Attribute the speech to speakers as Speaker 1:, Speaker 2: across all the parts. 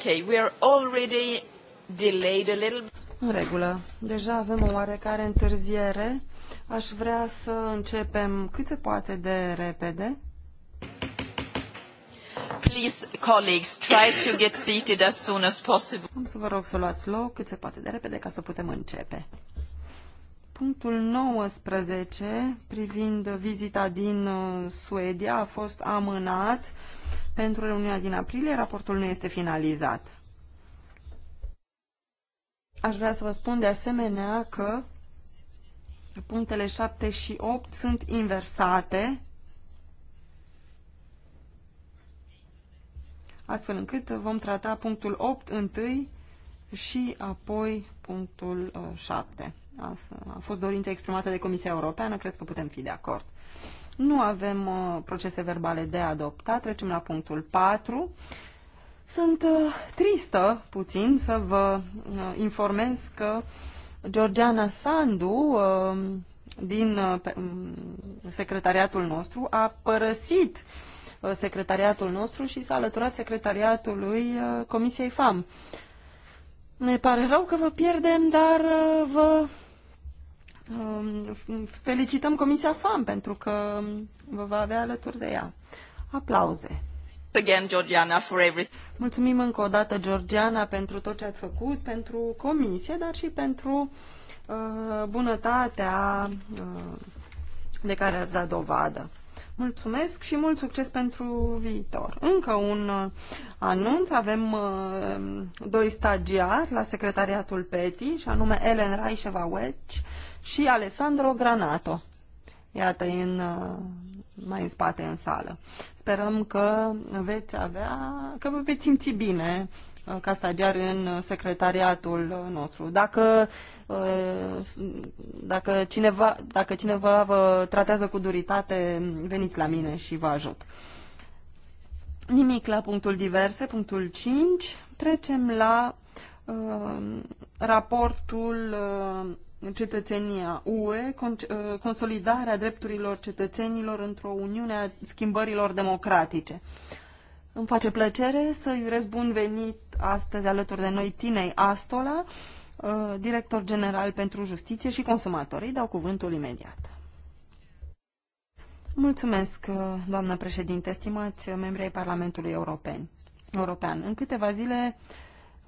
Speaker 1: Okay, we are already delayed a little.
Speaker 2: În regulă. Deja avem o oarecare întârziere. Aș vrea să începem cât se poate de repede. Please, colleagues, try to get seated as soon as possible. Am să vă rog să luați loc cât se poate de repede ca să putem începe. Punctul 19 privind vizita din uh, Suedia a fost amânat pentru reuniunea din aprilie, raportul nu este finalizat. Aș vrea să vă spun de asemenea că punctele 7 și 8 sunt inversate, astfel încât vom trata punctul 8 întâi și apoi punctul 7. Uh, Asta a fost dorința exprimată de Comisia Europeană, cred că putem fi de acord. Nu avem uh, procese verbale de adoptat. Trecem la punctul 4. Sunt uh, tristă puțin să vă uh, informez că Georgiana Sandu uh, din uh, um, secretariatul nostru a părăsit uh, secretariatul nostru și s-a alăturat secretariatului Comisiei FAM. Ne pare rău că vă pierdem, dar vă Um, felicităm Comisia FAM pentru că vă va avea alături de ea. Aplauze. Again, Georgiana, for everything. Mulțumim încă o dată, Georgiana, pentru tot ce ați făcut, pentru comisie, dar și pentru uh, bunătatea uh, de care ați dat dovadă. Mulțumesc și mult succes pentru viitor. Încă un uh, anunț. Avem uh, doi stagiari la secretariatul PETI, și anume Ellen raișeva wedge și Alessandro Granato. Iată, în, uh, mai în spate în sală. Sperăm că veți avea, că vă veți simți bine uh, ca stagiar în secretariatul nostru. Dacă, uh, dacă, cineva, dacă cineva vă tratează cu duritate, veniți la mine și vă ajut. Nimic la punctul diverse, punctul 5. Trecem la uh, raportul uh, cetățenia UE, ă, consolidarea drepturilor cetățenilor într-o uniune a schimbărilor democratice. Îmi face plăcere să-i urez bun venit astăzi alături de noi Tinei Astola, ă, director general pentru justiție și consumatorii. Dau cuvântul imediat. Mulțumesc, ă, doamnă președinte, stimați membrii Parlamentului European. European. În câteva zile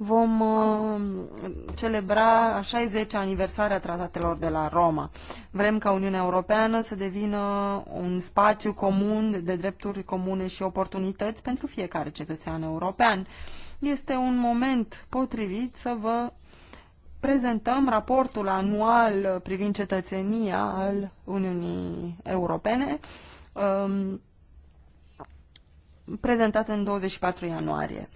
Speaker 2: vom uh, celebra a 60 aniversarea tratatelor de la Roma. Vrem ca Uniunea Europeană să devină un spațiu comun de drepturi comune și oportunități pentru fiecare cetățean european. Este un moment potrivit să vă prezentăm raportul anual privind cetățenia al Uniunii Europene, um, prezentat în 24 ianuarie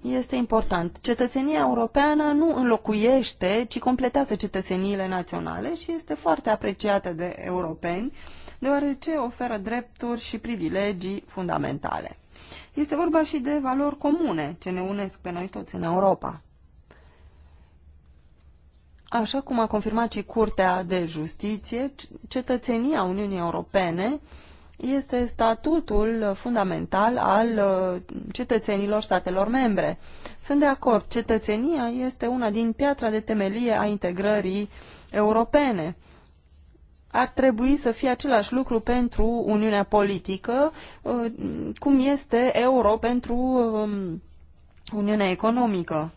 Speaker 2: este important. Cetățenia europeană nu înlocuiește, ci completează cetățeniile naționale și este foarte apreciată de europeni, deoarece oferă drepturi și privilegii fundamentale. Este vorba și de valori comune ce ne unesc pe noi toți în Europa. Așa cum a confirmat și Curtea de Justiție, cetățenia Uniunii Europene este statutul fundamental al uh, cetățenilor statelor membre. Sunt de acord, cetățenia este una din piatra de temelie a integrării europene. Ar trebui să fie același lucru pentru Uniunea Politică, uh, cum este euro pentru um, Uniunea Economică.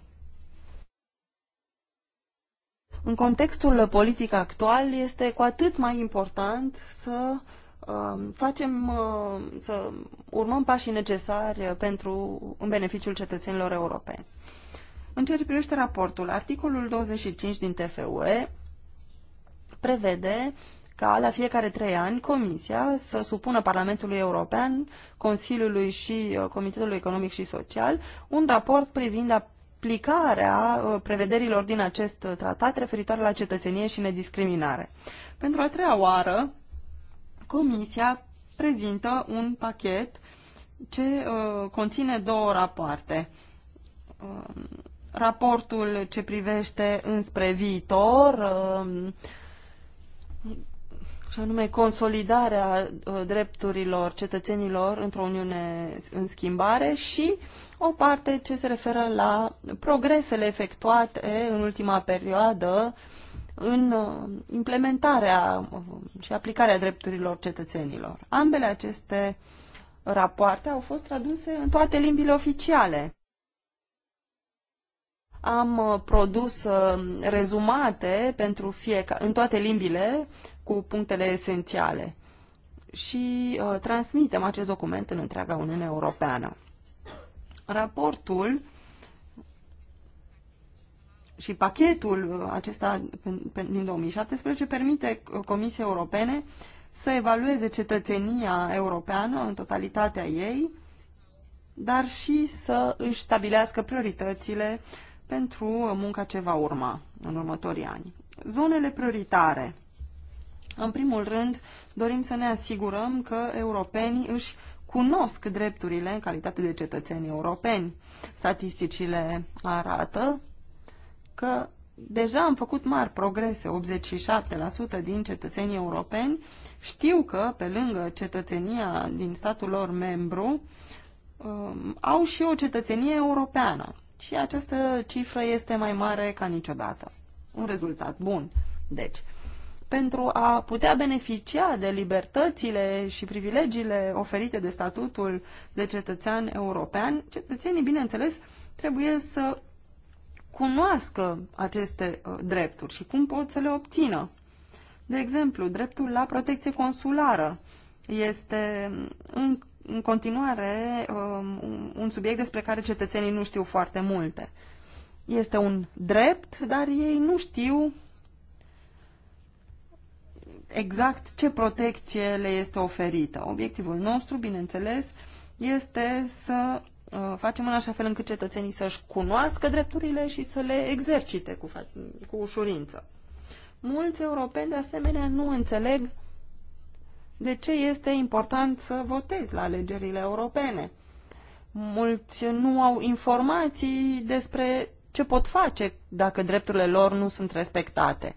Speaker 2: În contextul politic actual este cu atât mai important să uh, Um, facem, uh, să urmăm pașii necesari uh, pentru, în beneficiul cetățenilor europeni. În ceea ce privește raportul, articolul 25 din TFUE prevede ca la fiecare trei ani Comisia să supună Parlamentului European, Consiliului și uh, Comitetului Economic și Social un raport privind aplicarea prevederilor din acest tratat referitoare la cetățenie și nediscriminare. Pentru a treia oară, Comisia prezintă un pachet ce uh, conține două rapoarte. Uh, raportul ce privește înspre viitor, uh, anume consolidarea uh, drepturilor cetățenilor într-o Uniune în schimbare și o parte ce se referă la progresele efectuate în ultima perioadă uh, în uh, implementarea uh, și aplicarea drepturilor cetățenilor. Ambele aceste rapoarte au fost traduse în toate limbile oficiale. Am uh, produs rezumate pentru fiecare, în toate limbile cu punctele esențiale și uh, transmitem acest document în întreaga Uniune Europeană. Raportul și pachetul uh, acesta din 2017 permite uh, Comisiei Europene să evalueze cetățenia europeană în totalitatea ei, dar și să își stabilească prioritățile pentru munca ce va urma în următorii ani. Zonele prioritare. În primul rând, dorim să ne asigurăm că europenii își cunosc drepturile în calitate de cetățeni europeni. Statisticile arată că deja am făcut mari progrese. 87% din cetățenii europeni știu că, pe lângă cetățenia din statul lor membru, um, au și o cetățenie europeană. Și această cifră este mai mare ca niciodată. Un rezultat bun. Deci, pentru a putea beneficia de libertățile și privilegiile oferite de statutul de cetățean european, cetățenii, bineînțeles, trebuie să cunoască aceste uh, drepturi și cum pot să le obțină. De exemplu, dreptul la protecție consulară este mm, în, în continuare um, un subiect despre care cetățenii nu știu foarte multe. Este un drept, dar ei nu știu exact ce protecție le este oferită. Obiectivul nostru, bineînțeles, este să Uh, facem în așa fel încât cetățenii să-și cunoască drepturile și să le exercite cu, cu ușurință. Mulți europeni, de asemenea, nu înțeleg de ce este important să votezi la alegerile europene. Mulți nu au informații despre ce pot face dacă drepturile lor nu sunt respectate.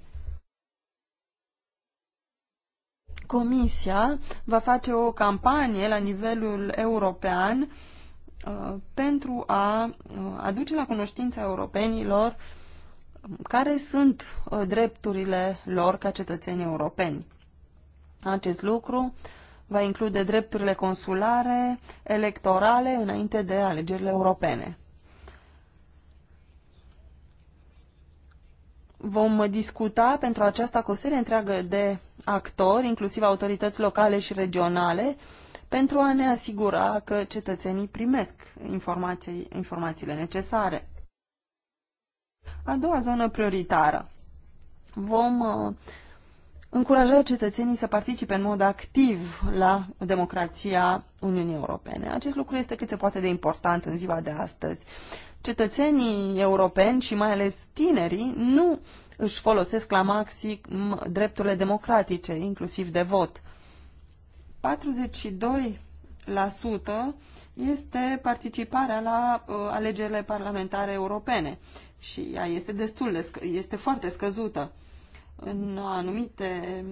Speaker 2: Comisia va face o campanie la nivelul european pentru a uh, aduce la cunoștința europenilor care sunt uh, drepturile lor ca cetățeni europeni. Acest lucru va include drepturile consulare, electorale, înainte de alegerile europene. Vom discuta pentru aceasta cu o serie întreagă de actori, inclusiv autorități locale și regionale, pentru a ne asigura că cetățenii primesc informații, informațiile necesare. A doua zonă prioritară. Vom uh, încuraja cetățenii să participe în mod activ la democrația Uniunii Europene. Acest lucru este cât se poate de important în ziua de astăzi. Cetățenii europeni și mai ales tinerii nu își folosesc la maxim drepturile democratice, inclusiv de vot. 42 este participarea la uh, alegerile parlamentare europene și ea este destul de este foarte scăzută. În anumite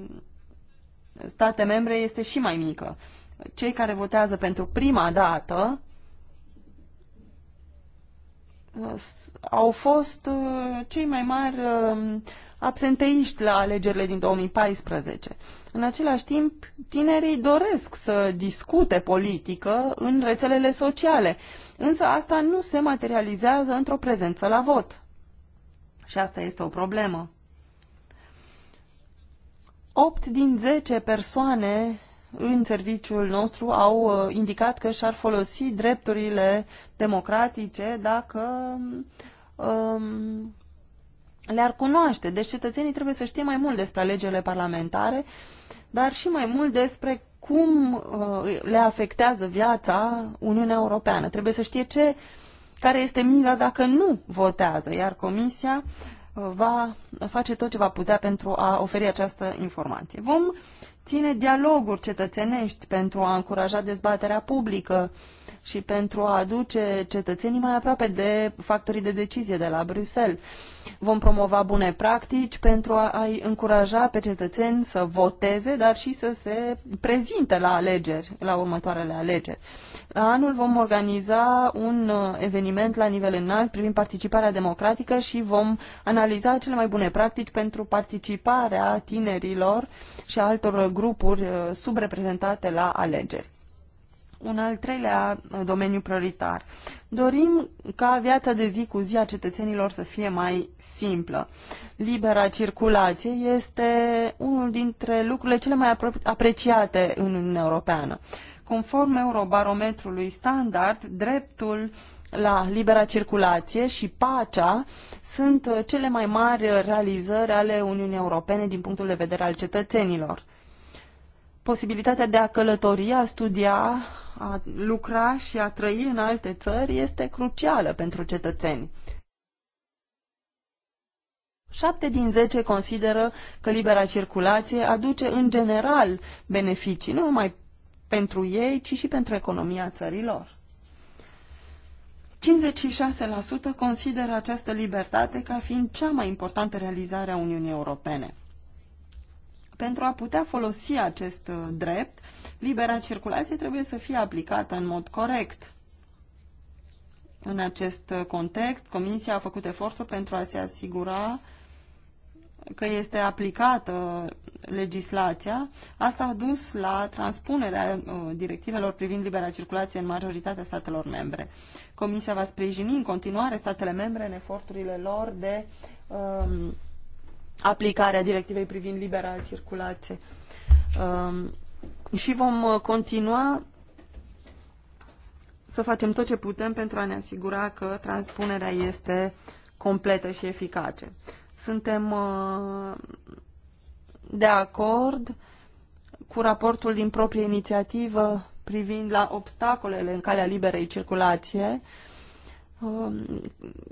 Speaker 2: state membre este și mai mică. Cei care votează pentru prima dată Uh, au fost uh, cei mai mari uh, absenteiști la alegerile din 2014. În același timp, tinerii doresc să discute politică în rețelele sociale, însă asta nu se materializează într-o prezență la vot. Și asta este o problemă. 8 din 10 persoane în serviciul nostru au uh, indicat că și-ar folosi drepturile democratice dacă um, le-ar cunoaște. Deci cetățenii trebuie să știe mai mult despre alegerile parlamentare, dar și mai mult despre cum uh, le afectează viața Uniunea Europeană. Trebuie să știe ce, care este mila dacă nu votează, iar Comisia uh, va face tot ce va putea pentru a oferi această informație. Vom ține dialoguri cetățenești pentru a încuraja dezbaterea publică, și pentru a aduce cetățenii mai aproape de factorii de decizie de la Bruxelles. Vom promova bune practici pentru a-i încuraja pe cetățeni să voteze, dar și să se prezinte la alegeri, la următoarele alegeri. La anul vom organiza un uh, eveniment la nivel înalt privind participarea democratică și vom analiza cele mai bune practici pentru participarea tinerilor și altor grupuri uh, subreprezentate la alegeri un al treilea domeniu prioritar. Dorim ca viața de zi cu zi a cetățenilor să fie mai simplă. Libera circulație este unul dintre lucrurile cele mai apreciate în Uniunea Europeană. Conform Eurobarometrului standard, dreptul la libera circulație și pacea sunt cele mai mari realizări ale Uniunii Europene din punctul de vedere al cetățenilor posibilitatea de a călători, a studia, a lucra și a trăi în alte țări este crucială pentru cetățeni. 7 din 10 consideră că libera circulație aduce în general beneficii, nu numai pentru ei, ci și pentru economia țărilor. 56% consideră această libertate ca fiind cea mai importantă realizare a Uniunii Europene pentru a putea folosi acest uh, drept, libera circulație trebuie să fie aplicată în mod corect. În acest uh, context, Comisia a făcut eforturi pentru a se asigura că este aplicată legislația. Asta a dus la transpunerea uh, directivelor privind libera circulație în majoritatea statelor membre. Comisia va sprijini în continuare statele membre în eforturile lor de um, aplicarea directivei privind libera circulație. Um, și vom uh, continua să facem tot ce putem pentru a ne asigura că transpunerea este completă și eficace. Suntem uh, de acord cu raportul din proprie inițiativă privind la obstacolele în calea liberei circulație, Um,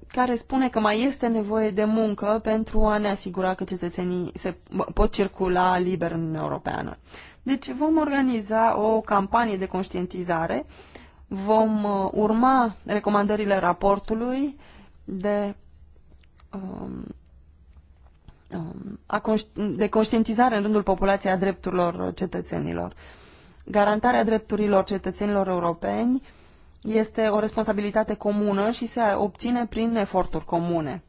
Speaker 2: care spune că mai este nevoie de muncă pentru a ne asigura că cetățenii se pot circula liber în Europeană. Deci vom organiza o campanie de conștientizare, vom uh, urma recomandările raportului de, um, um, de conștientizare în rândul populației a drepturilor cetățenilor. Garantarea drepturilor cetățenilor europeni este o responsabilitate comună și se obține prin eforturi comune.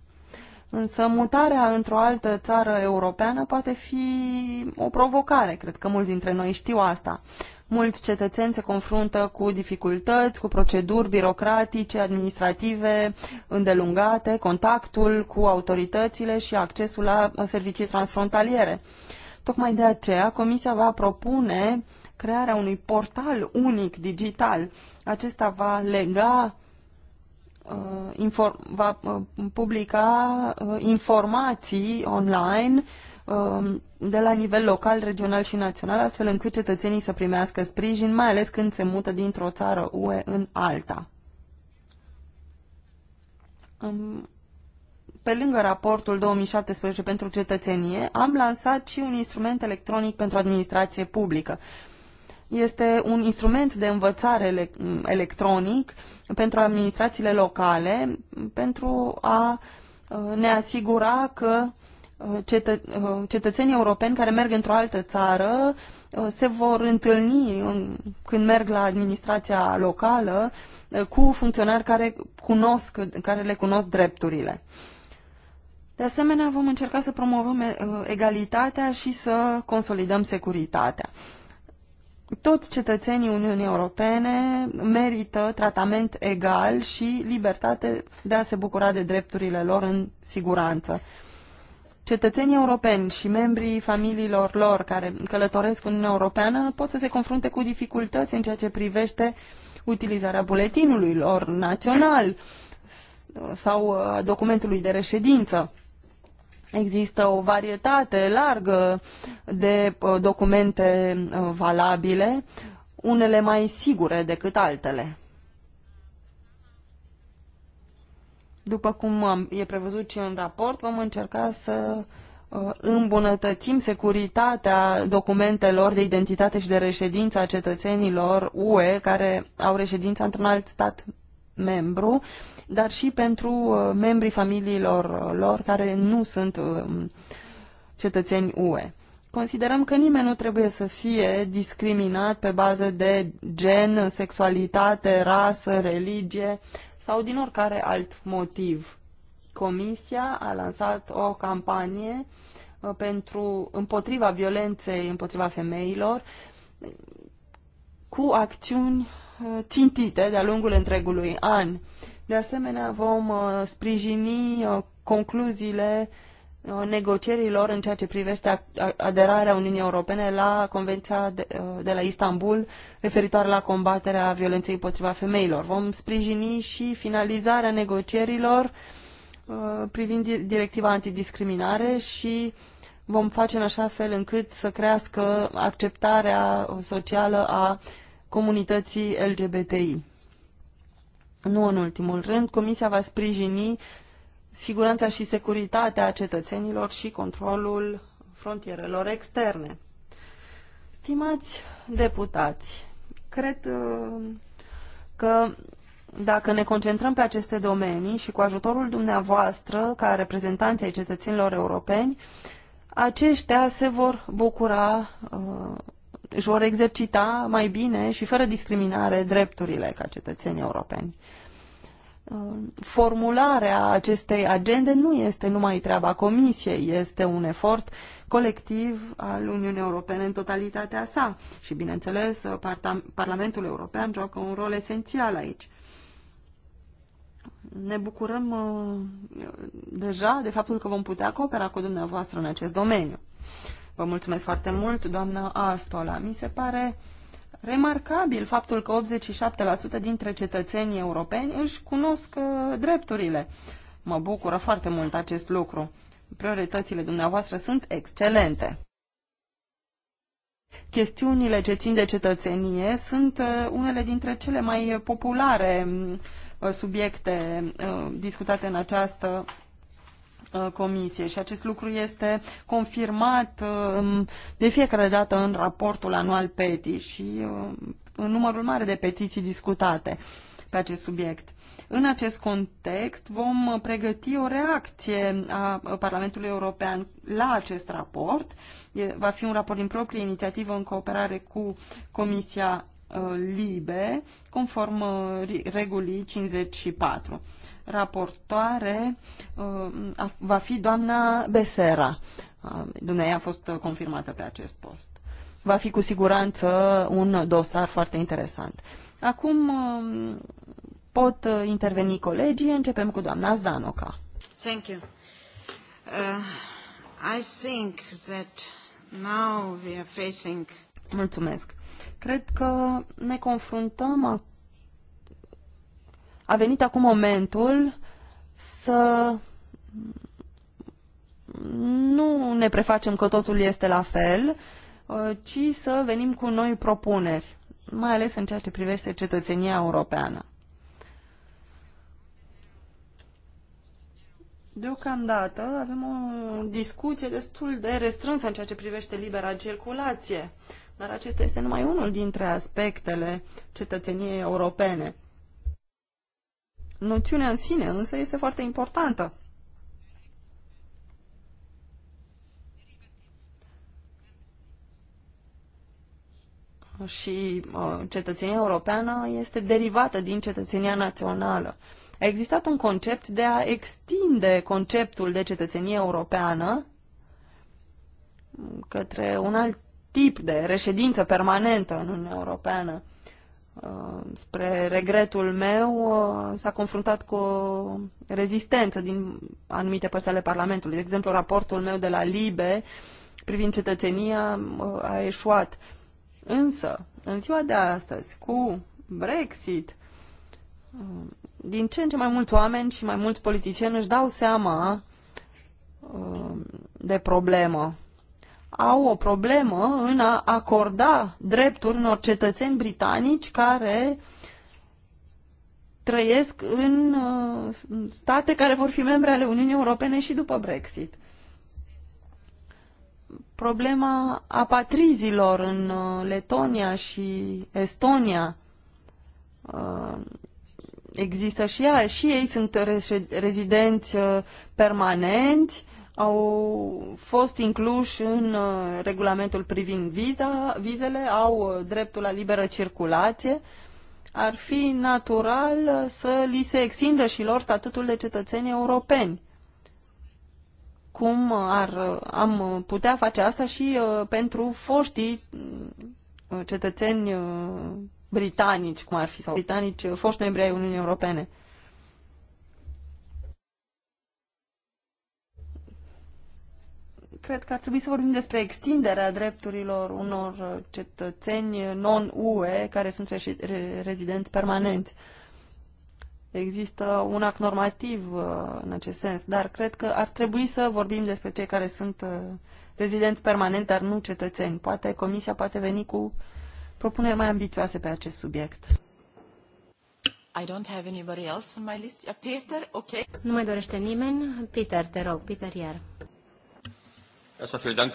Speaker 2: Însă mutarea într-o altă țară europeană poate fi o provocare, cred că mulți dintre noi știu asta. Mulți cetățeni se confruntă cu dificultăți, cu proceduri birocratice, administrative îndelungate, contactul cu autoritățile și accesul la servicii transfrontaliere. Tocmai de aceea, Comisia va propune crearea unui portal unic digital. Acesta va lega uh, inform, va uh, publica uh, informații online um, de la nivel local, regional și național, astfel încât cetățenii să primească sprijin, mai ales când se mută dintr-o țară UE în alta. Pe lângă raportul 2017 pentru cetățenie, am lansat și un instrument electronic pentru administrație publică este un instrument de învățare electronic pentru administrațiile locale, pentru a uh, ne asigura că uh, uh, cetățenii europeni care merg într-o altă țară se vor întâlni când merg la administrația locală cu funcționari care, cunosc, care le cunosc drepturile. De asemenea, vom încerca să promovăm egalitatea și să consolidăm securitatea toți cetățenii Uniunii Europene merită tratament egal și libertate de a se bucura de drepturile lor în siguranță. Cetățenii europeni și membrii familiilor lor care călătoresc în Uniunea Europeană pot să se confrunte cu dificultăți în ceea ce privește utilizarea buletinului lor național sau a uh, documentului de reședință. Există o varietate largă de uh, documente uh, valabile, unele mai sigure decât altele. După cum e prevăzut și în raport, vom încerca să uh, îmbunătățim securitatea documentelor de identitate și de reședință a cetățenilor UE care au reședința într-un alt stat membru, dar și pentru uh, membrii familiilor uh, lor care nu sunt uh, cetățeni UE. Considerăm că nimeni nu trebuie să fie discriminat pe bază de gen, sexualitate, rasă, religie sau din oricare alt motiv. Comisia a lansat o campanie pentru, împotriva violenței împotriva femeilor, cu acțiuni uh, țintite de-a lungul întregului an. De asemenea, vom uh, sprijini uh, concluziile negocierilor în ceea ce privește aderarea Uniunii Europene la Convenția de, la Istanbul referitoare la combaterea violenței împotriva femeilor. Vom sprijini și finalizarea negocierilor privind directiva antidiscriminare și vom face în așa fel încât să crească acceptarea socială a comunității LGBTI. Nu în ultimul rând, Comisia va sprijini siguranța și securitatea cetățenilor și controlul frontierelor externe. Stimați deputați, cred uh, că dacă ne concentrăm pe aceste domenii și cu ajutorul dumneavoastră, ca reprezentanții ai cetățenilor europeni, aceștia se vor bucura uh, își vor exercita mai bine și fără discriminare drepturile ca cetățeni europeni. Uh, formularea acestei agende nu este numai treaba Comisiei, este un efort colectiv al Uniunii Europene în totalitatea sa și, bineînțeles, uh, Parlamentul European joacă un rol esențial aici ne bucurăm uh, deja de faptul că vom putea coopera cu dumneavoastră în acest domeniu. Vă mulțumesc foarte mult, doamnă Astola. Mi se pare remarcabil faptul că 87% dintre cetățenii europeni își cunosc uh, drepturile. Mă bucură foarte mult acest lucru. Prioritățile dumneavoastră sunt excelente. Chestiunile ce țin de cetățenie sunt uh, unele dintre cele mai populare mm, uh, subiecte discutate în această Uh, Comisiei și acest lucru este confirmat uh, de fiecare dată în raportul anual PETI și uh, în numărul mare de petiții discutate pe acest subiect. În acest context vom pregăti o reacție a Parlamentului European la acest raport. Va fi un raport din proprie inițiativă în cooperare cu Comisia Libe, conform regulii 54. Raportoare uh, va fi doamna Besera. Uh, Dumnezeu a fost confirmată pe acest post. Va fi cu siguranță un dosar foarte interesant. Acum uh, pot interveni colegii. Începem cu doamna Zdanoca.
Speaker 3: Thank you. Uh, I think that now we are facing...
Speaker 2: Mulțumesc. Cred că ne confruntăm a venit acum momentul să nu ne prefacem că totul este la fel, uh, ci să venim cu noi propuneri, mai ales în ceea ce privește cetățenia europeană. Deocamdată avem o discuție destul de restrânsă în ceea ce privește libera circulație, dar acesta este numai unul dintre aspectele cetățeniei europene. Noțiunea în sine însă este foarte importantă. și uh, cetățenia europeană este derivată din cetățenia națională. A existat un concept de a extinde conceptul de cetățenie europeană către un alt tip de reședință permanentă în Uniunea Europeană. Uh, spre regretul meu, uh, s-a confruntat cu o rezistență din anumite părți ale Parlamentului. De exemplu, raportul meu de la LIBE privind cetățenia uh, a eșuat. Însă, în ziua de astăzi, cu Brexit, din ce în ce mai mulți oameni și mai mulți politicieni își dau seama de problemă au o problemă în a acorda drepturi unor cetățeni britanici care trăiesc în uh, state care vor fi membre ale Uniunii Europene și după Brexit. Problema apatrizilor în uh, Letonia și Estonia uh, există și ea. Și ei sunt rezidenți permanenți au fost incluși în uh, regulamentul privind viza, vizele, au uh, dreptul la liberă circulație, ar fi natural uh, să li se extindă și lor statutul de cetățeni europeni. Cum ar, am putea face asta și pentru foștii cetățeni britanici, cum ar fi, sau britanici, foști membri ai Uniunii Europene. cred că ar trebui să vorbim despre extinderea drepturilor unor uh, cetățeni non-UE care sunt re rezidenți permanenți. Există un act normativ uh, în acest sens, dar cred că ar trebui să vorbim despre cei care sunt uh, rezidenți permanenți, dar nu cetățeni. Poate Comisia poate veni cu
Speaker 3: propuneri mai ambițioase pe acest subiect. I don't have anybody else on my list. Peter, okay. Nu mai dorește nimeni. Peter, te rog, Peter iar. Äh,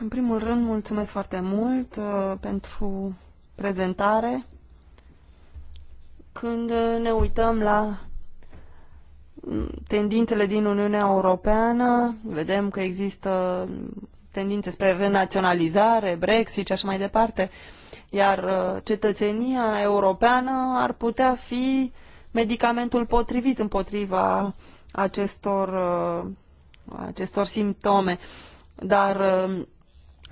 Speaker 3: În primul rând, mulțumesc foarte mult uh, pentru
Speaker 2: prezentare. Când uh, ne uităm la mm, tendințele din Uniunea Europeană, vedem că există mm, tendințe spre renaționalizare, Brexit și așa mai departe, iar uh, cetățenia europeană ar putea fi medicamentul potrivit împotriva acestor, uh, acestor simptome dar uh,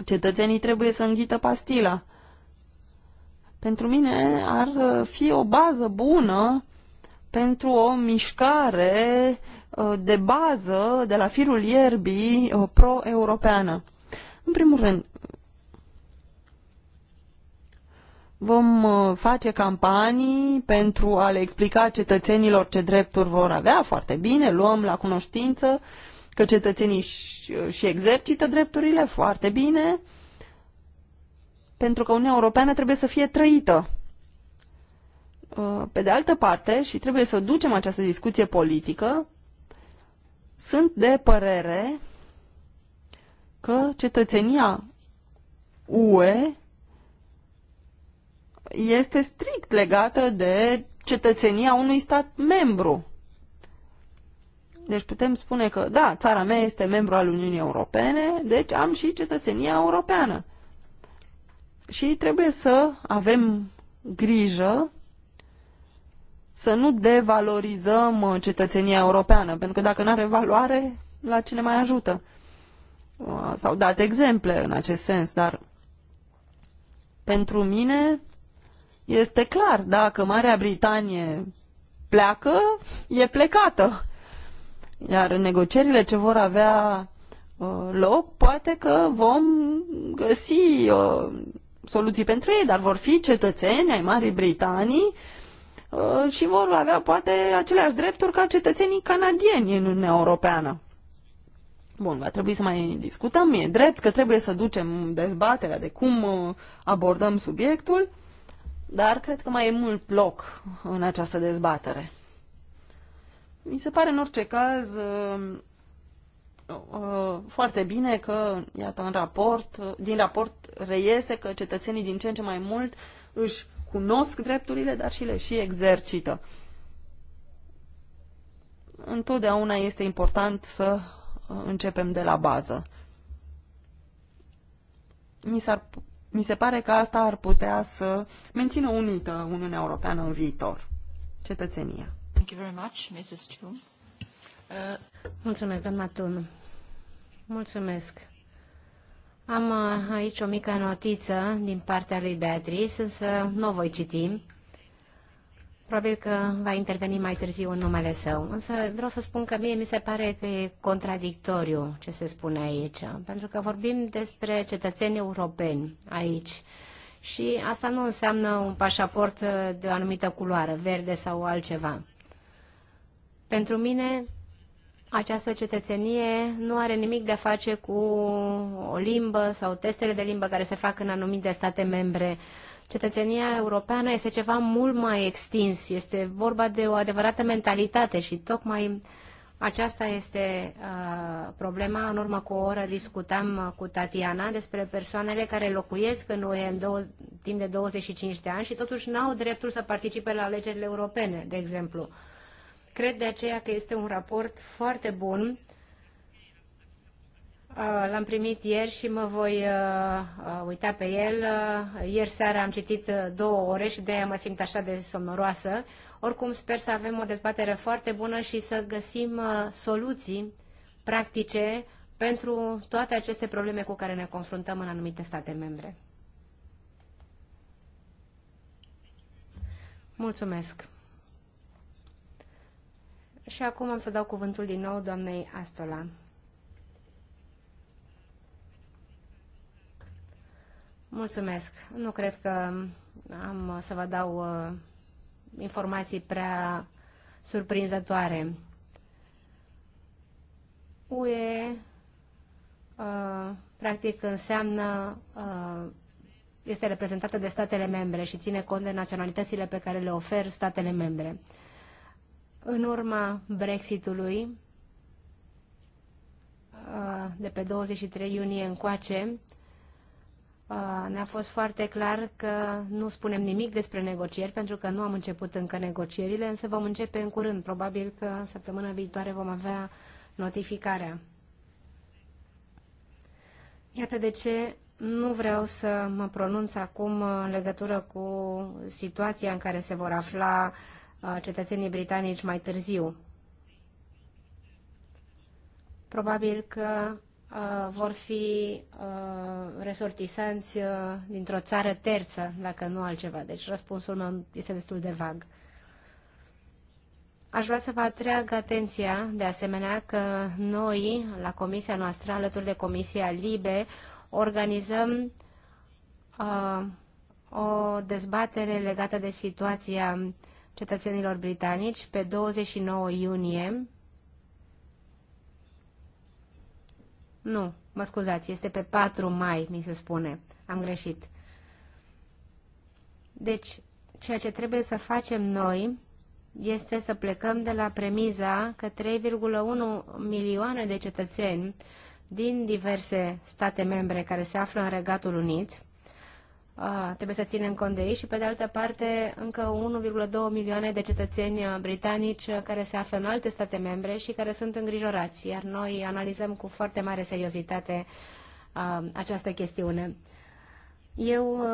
Speaker 2: cetățenii trebuie să înghită pastila. Pentru mine ar uh, fi o bază bună pentru o mișcare uh, de bază de la firul ierbii pro-europeană. În primul rând, vom face campanii pentru a le explica cetățenilor ce drepturi vor avea, foarte bine, luăm la cunoștință uh, că cetățenii și exercită drepturile foarte bine, pentru că Uniunea Europeană trebuie să fie trăită. Uh, pe de altă parte, și trebuie să ducem această discuție politică, sunt de părere că cetățenia UE este strict legată de cetățenia unui stat membru. Deci putem spune că, da, țara mea este membru al Uniunii Europene, deci am și cetățenia europeană. Și trebuie să avem grijă să nu devalorizăm cetățenia europeană, pentru că dacă nu are valoare, la cine mai ajută? S-au dat exemple în acest sens, dar pentru mine este clar, dacă Marea Britanie pleacă, e plecată. Iar în negocierile ce vor avea uh, loc, poate că vom găsi uh, soluții pentru ei, dar vor fi cetățeni ai Marii Britanii uh, și vor avea poate aceleași drepturi ca cetățenii canadieni în Uniunea Europeană. Bun, va trebui să mai discutăm. E drept că trebuie să ducem dezbaterea de cum abordăm subiectul, dar cred că mai e mult loc în această dezbatere. Mi se pare în orice caz uh, uh, foarte bine că, iată, în raport, uh, din raport reiese că cetățenii din ce în ce mai mult își cunosc drepturile, dar și le și exercită. Întotdeauna este important să uh, începem de la bază. Mi, s-ar, mi se pare că asta ar putea să mențină unită Uniunea Europeană în viitor. Cetățenia.
Speaker 3: Thank you very much, Mrs. Chu. Uh... Mulțumesc, doamna Tun. Mulțumesc. Am uh, aici o mică notiță din partea lui Beatrice, însă nu o voi citi. Probabil că va interveni mai târziu în numele său. Însă vreau să spun că mie mi se pare că e contradictoriu ce se spune aici, pentru că vorbim despre cetățeni europeni aici. Și asta nu înseamnă un pașaport uh, de o anumită culoare, verde sau altceva. Pentru mine, această cetățenie nu are nimic de a face cu o limbă sau testele de limbă care se fac în anumite state membre. Cetățenia europeană este ceva mult mai extins, este vorba de o adevărată mentalitate și tocmai aceasta este uh, problema. În urmă cu o oră discutam cu Tatiana despre persoanele care locuiesc în UE în două, timp de 25 de ani și totuși n-au dreptul să participe la alegerile europene, de exemplu. Uh, Cred de aceea că este un raport foarte bun. Uh, l-am primit ieri și mă voi uh, uh, uita pe el. Ieri seara am citit două ore și de-aia mă simt așa de somnoroasă. Oricum sper să avem o dezbatere foarte bună și să găsim soluții practice pentru toate aceste probleme cu care ne confruntăm în anumite state membre. Mulțumesc! Și acum am să dau cuvântul din nou doamnei Astola. Mulțumesc. Nu cred că am să vă dau uh, informații prea surprinzătoare. UE uh, practic înseamnă uh, este reprezentată de statele membre și ține cont de naționalitățile pe care le ofer statele membre. În urma Brexitului, de pe 23 iunie încoace, ne-a fost foarte clar că nu spunem nimic despre negocieri, pentru că nu am început încă negocierile, însă vom începe în curând. Probabil că săptămâna viitoare vom avea notificarea. Iată de ce nu vreau să mă pronunț acum în legătură cu situația în care se vor afla uh, cetățenii britanici mai târziu. Probabil că uh, vor fi uh, resortisanți uh, dintr-o țară terță, dacă nu altceva. Deci răspunsul meu este destul de vag. Aș vrea să vă atrag atenția, de asemenea, că noi, la comisia noastră, alături de comisia LIBE, organizăm uh, o dezbatere legată de situația uh, cetățenilor britanici pe 29 iunie. Nu, mă scuzați, este pe 4 mai, mi se spune. Am greșit. Deci, ceea ce trebuie să facem noi este să plecăm de la premiza că 3,1 milioane de cetățeni din diverse state membre care se află în Regatul Unit a, trebuie să ținem cont de ei și, pe de altă parte, încă 1,2 milioane de cetățeni uh, britanici uh, care se află în alte state membre și care sunt îngrijorați, iar noi analizăm cu foarte mare seriozitate a, uh, această chestiune. Eu,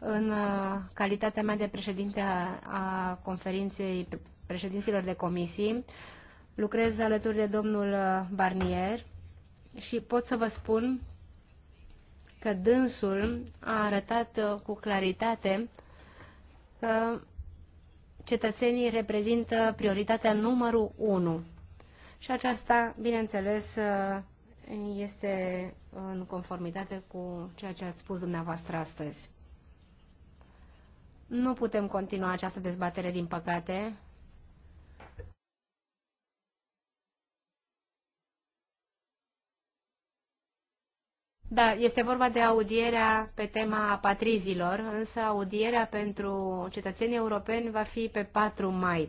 Speaker 3: în calitatea mea de președinte a conferinței președinților de comisii, lucrez alături de domnul Barnier și pot să vă spun că dânsul a arătat uh, cu claritate că cetățenii reprezintă prioritatea numărul 1. Și aceasta, bineînțeles, uh, este în conformitate cu ceea ce ați spus dumneavoastră astăzi. Nu putem continua această dezbatere, din păcate, Da, este vorba de audierea pe tema patrizilor, însă audierea pentru cetățenii europeni va fi pe 4 mai.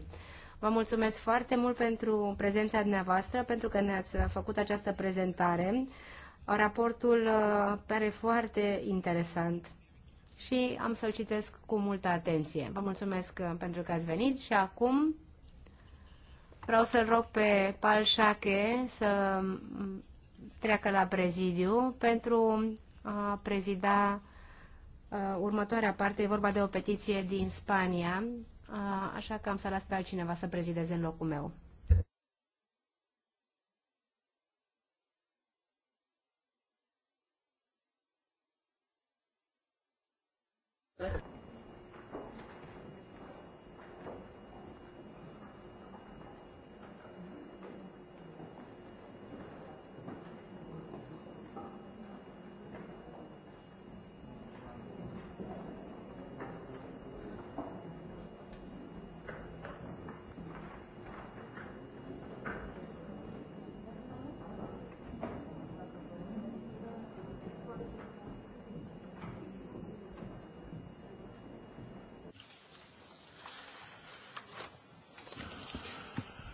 Speaker 3: Vă mulțumesc foarte mult pentru prezența dumneavoastră, pentru că ne-ați făcut această prezentare. Raportul uh, pare foarte interesant și am să-l citesc cu multă atenție. Vă mulțumesc uh, pentru că ați venit și acum vreau să-l rog pe Pal Șache să treacă la prezidiu pentru a prezida uh, următoarea parte. E vorba de o petiție din Spania, uh, așa că am să las pe altcineva să prezideze în locul meu.
Speaker 2: Let's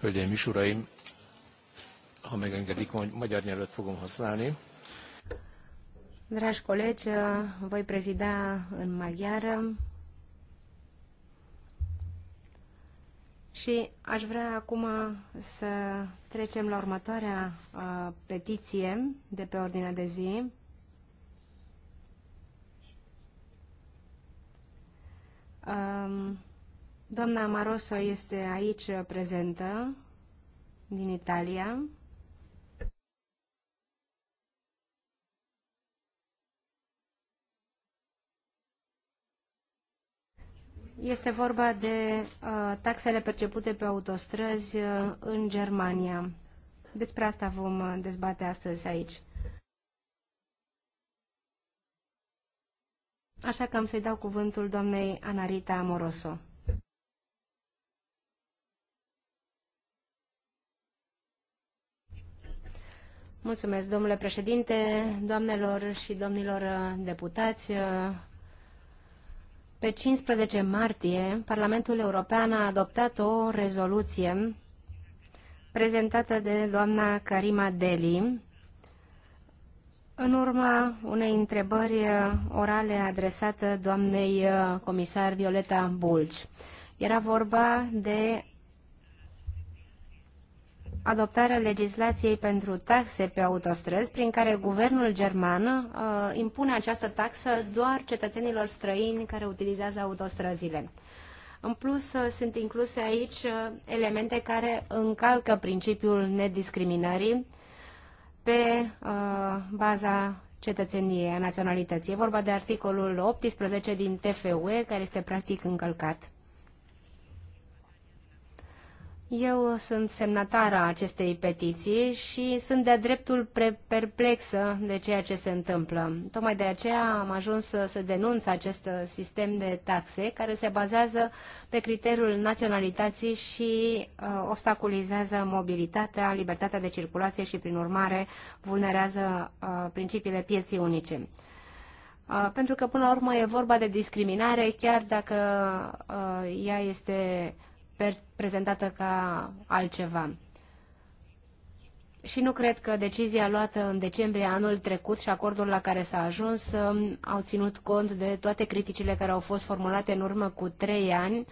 Speaker 1: Hölgyeim és Uraim, ha megengedik, magyar nyelvet fogom használni.
Speaker 3: Dragi colegi, uh, voi prezida în maghiară și aș vrea acum să trecem la următoarea uh, petiție de pe ordinea de zi. Um, Doamna Maroso este aici prezentă, din Italia. Este vorba de uh, taxele percepute pe autostrăzi uh, în Germania. Despre asta vom uh, dezbate astăzi aici. Așa că am să-i dau cuvântul doamnei Anarita Amoroso. Mulțumesc, domnule președinte, doamnelor și domnilor deputați. Pe 15 martie, Parlamentul European a adoptat o rezoluție prezentată de doamna Karima Deli în urma unei întrebări orale adresată doamnei comisar Violeta Bulci. Era vorba de adoptarea legislației pentru taxe pe autostrăzi, prin care guvernul german uh, impune această taxă doar cetățenilor străini care utilizează autostrăzile. În plus, uh, sunt incluse aici uh, elemente care încalcă principiul nediscriminării pe uh, baza cetățeniei a naționalității. E vorba de articolul 18 din TFUE, care este practic încălcat. Eu sunt semnatara acestei petiții și sunt de-a dreptul perplexă de ceea ce se întâmplă. Tocmai de aceea am ajuns să, să denunț acest sistem de taxe care se bazează pe criteriul naționalității și uh, obstaculizează mobilitatea, libertatea de circulație și, prin urmare, vulnerează uh, principiile pieții unice uh, pentru că până la urmă e vorba de discriminare, chiar dacă uh, ea este prezentată ca altceva. Și nu cred că decizia luată în decembrie anul trecut și acordul la care s-a ajuns um, au ținut cont de toate criticile care au fost formulate în urmă cu trei ani, uh,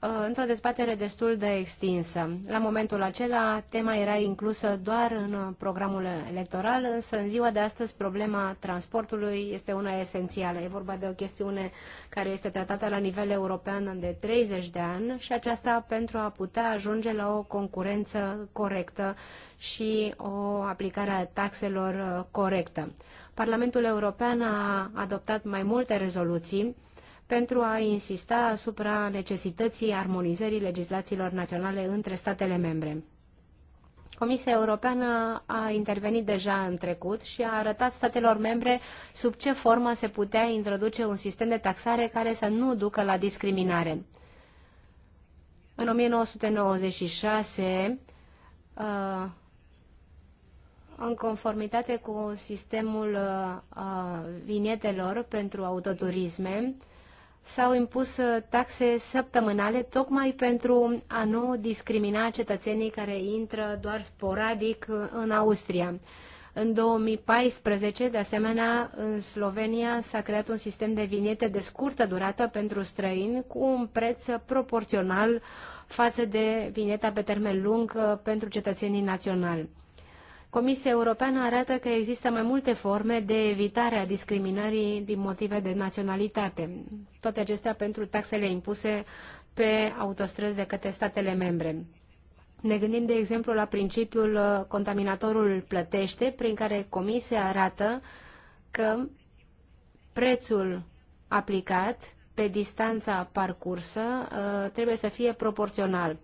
Speaker 3: Uh, într-o dezbatere destul de extinsă. La momentul acela, tema era inclusă doar în uh, programul electoral, însă în ziua de astăzi problema transportului este una esențială. E vorba de o chestiune care este tratată la nivel european de 30 de ani și aceasta pentru a putea ajunge la o concurență corectă și o aplicare a taxelor uh, corectă. Parlamentul European a adoptat mai multe rezoluții pentru a insista asupra necesității armonizării legislațiilor naționale între statele membre. Comisia Europeană a intervenit deja în trecut și a arătat statelor membre sub ce formă se putea introduce un sistem de taxare care să nu ducă la discriminare. În 1996, uh, în conformitate cu sistemul uh, uh, vinietelor pentru autoturisme, s-au impus uh, taxe săptămânale tocmai pentru a nu discrimina cetățenii care intră doar sporadic uh, în Austria. În 2014, de asemenea, în Slovenia s-a creat un sistem de viniete de scurtă durată pentru străini cu un preț proporțional față de vineta pe termen lung uh, pentru cetățenii naționali. Comisia Europeană arată că există mai multe forme de evitare a discriminării din motive de naționalitate. Toate acestea pentru taxele impuse pe autostrăzi de către statele membre. Ne gândim, de exemplu, la principiul uh, contaminatorul plătește, prin care Comisia arată că prețul aplicat pe distanța parcursă uh, trebuie să fie proporțional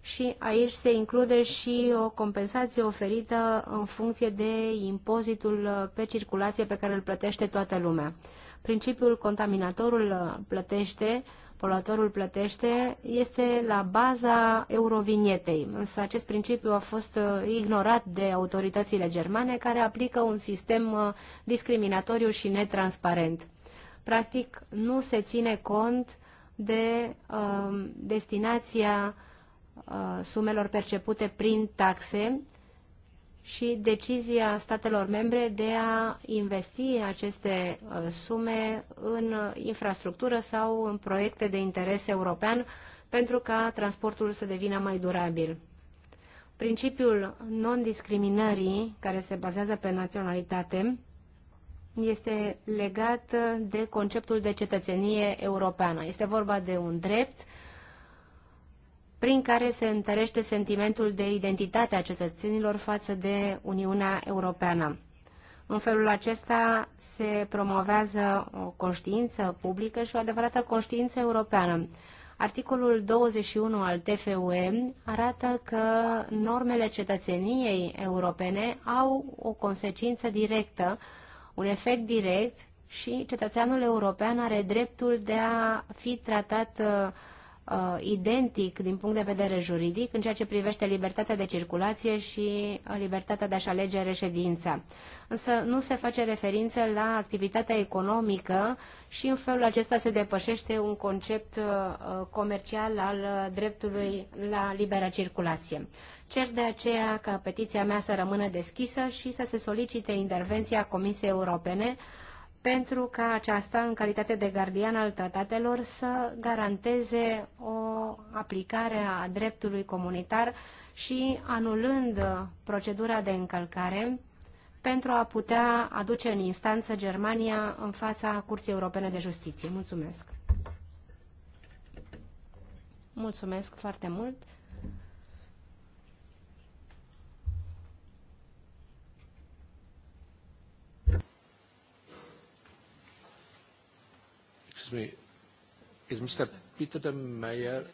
Speaker 3: și aici se include și o compensație oferită în funcție de impozitul pe circulație pe care îl plătește toată lumea. Principiul contaminatorul plătește, poluatorul plătește, este la baza eurovinietei, însă acest principiu a fost uh, ignorat de autoritățile germane care aplică un sistem uh, discriminatoriu și netransparent. Practic, nu se ține cont de uh, destinația uh, Uh, sumelor percepute prin taxe și decizia statelor membre de a investi aceste uh, sume în infrastructură sau în proiecte de interes european pentru ca transportul să devină mai durabil. Principiul non-discriminării, care se bazează pe naționalitate, este legat de conceptul de cetățenie europeană. Este vorba de un drept prin care se întărește sentimentul de identitate a cetățenilor față de Uniunea Europeană. În felul acesta se promovează o conștiință publică și o adevărată conștiință europeană. Articolul 21 al TFUE arată că normele cetățeniei europene au o consecință directă, un efect direct și cetățeanul european are dreptul de a fi tratat uh, uh, identic din punct de vedere juridic în ceea ce privește libertatea de circulație și uh, libertatea de a-și alege reședința. Însă nu se face referință la activitatea economică și în felul acesta se depășește un concept uh, uh, comercial al uh, dreptului la libera circulație. Cer de aceea ca petiția mea să rămână deschisă și să se solicite intervenția Comisiei Europene uh, pentru ca aceasta, în calitate de gardian al tratatelor, să garanteze o aplicare a dreptului comunitar și anulând procedura de încălcare pentru a putea aduce în instanță Germania în fața Curții Europene de Justiție. Mulțumesc! Mulțumesc foarte mult!
Speaker 1: excuse me, is Mr. Peter de Meyer?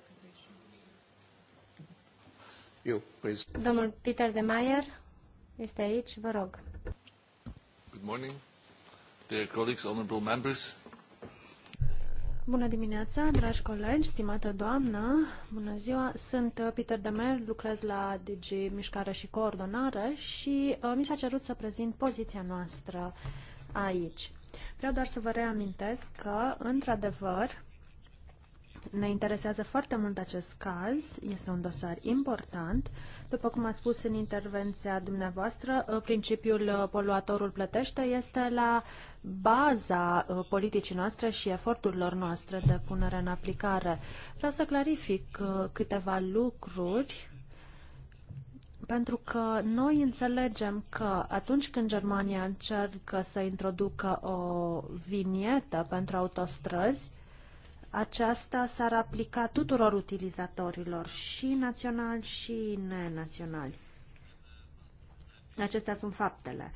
Speaker 1: You, please.
Speaker 3: Domnul Peter de Meyer este aici, vă rog. Good morning, dear colleagues, honorable members.
Speaker 1: Bună dimineața, dragi colegi, stimată doamnă, bună ziua. Sunt uh, Peter Demer, lucrez la DG Mișcare și Coordonare și uh, mi s-a cerut să prezint poziția noastră aici. Vreau doar să vă reamintesc că, într-adevăr, ne interesează foarte mult acest caz, este un dosar important. După cum ați spus în intervenția dumneavoastră, uh, principiul uh, poluatorul plătește este la baza uh, politicii noastre și eforturilor noastre de punere în aplicare. Vreau să clarific câteva lucruri pentru că noi înțelegem că atunci când Germania încearcă să introducă o vinietă pentru autostrăzi, aceasta s-ar aplica tuturor utilizatorilor, și naționali și nenaționali. Acestea sunt faptele.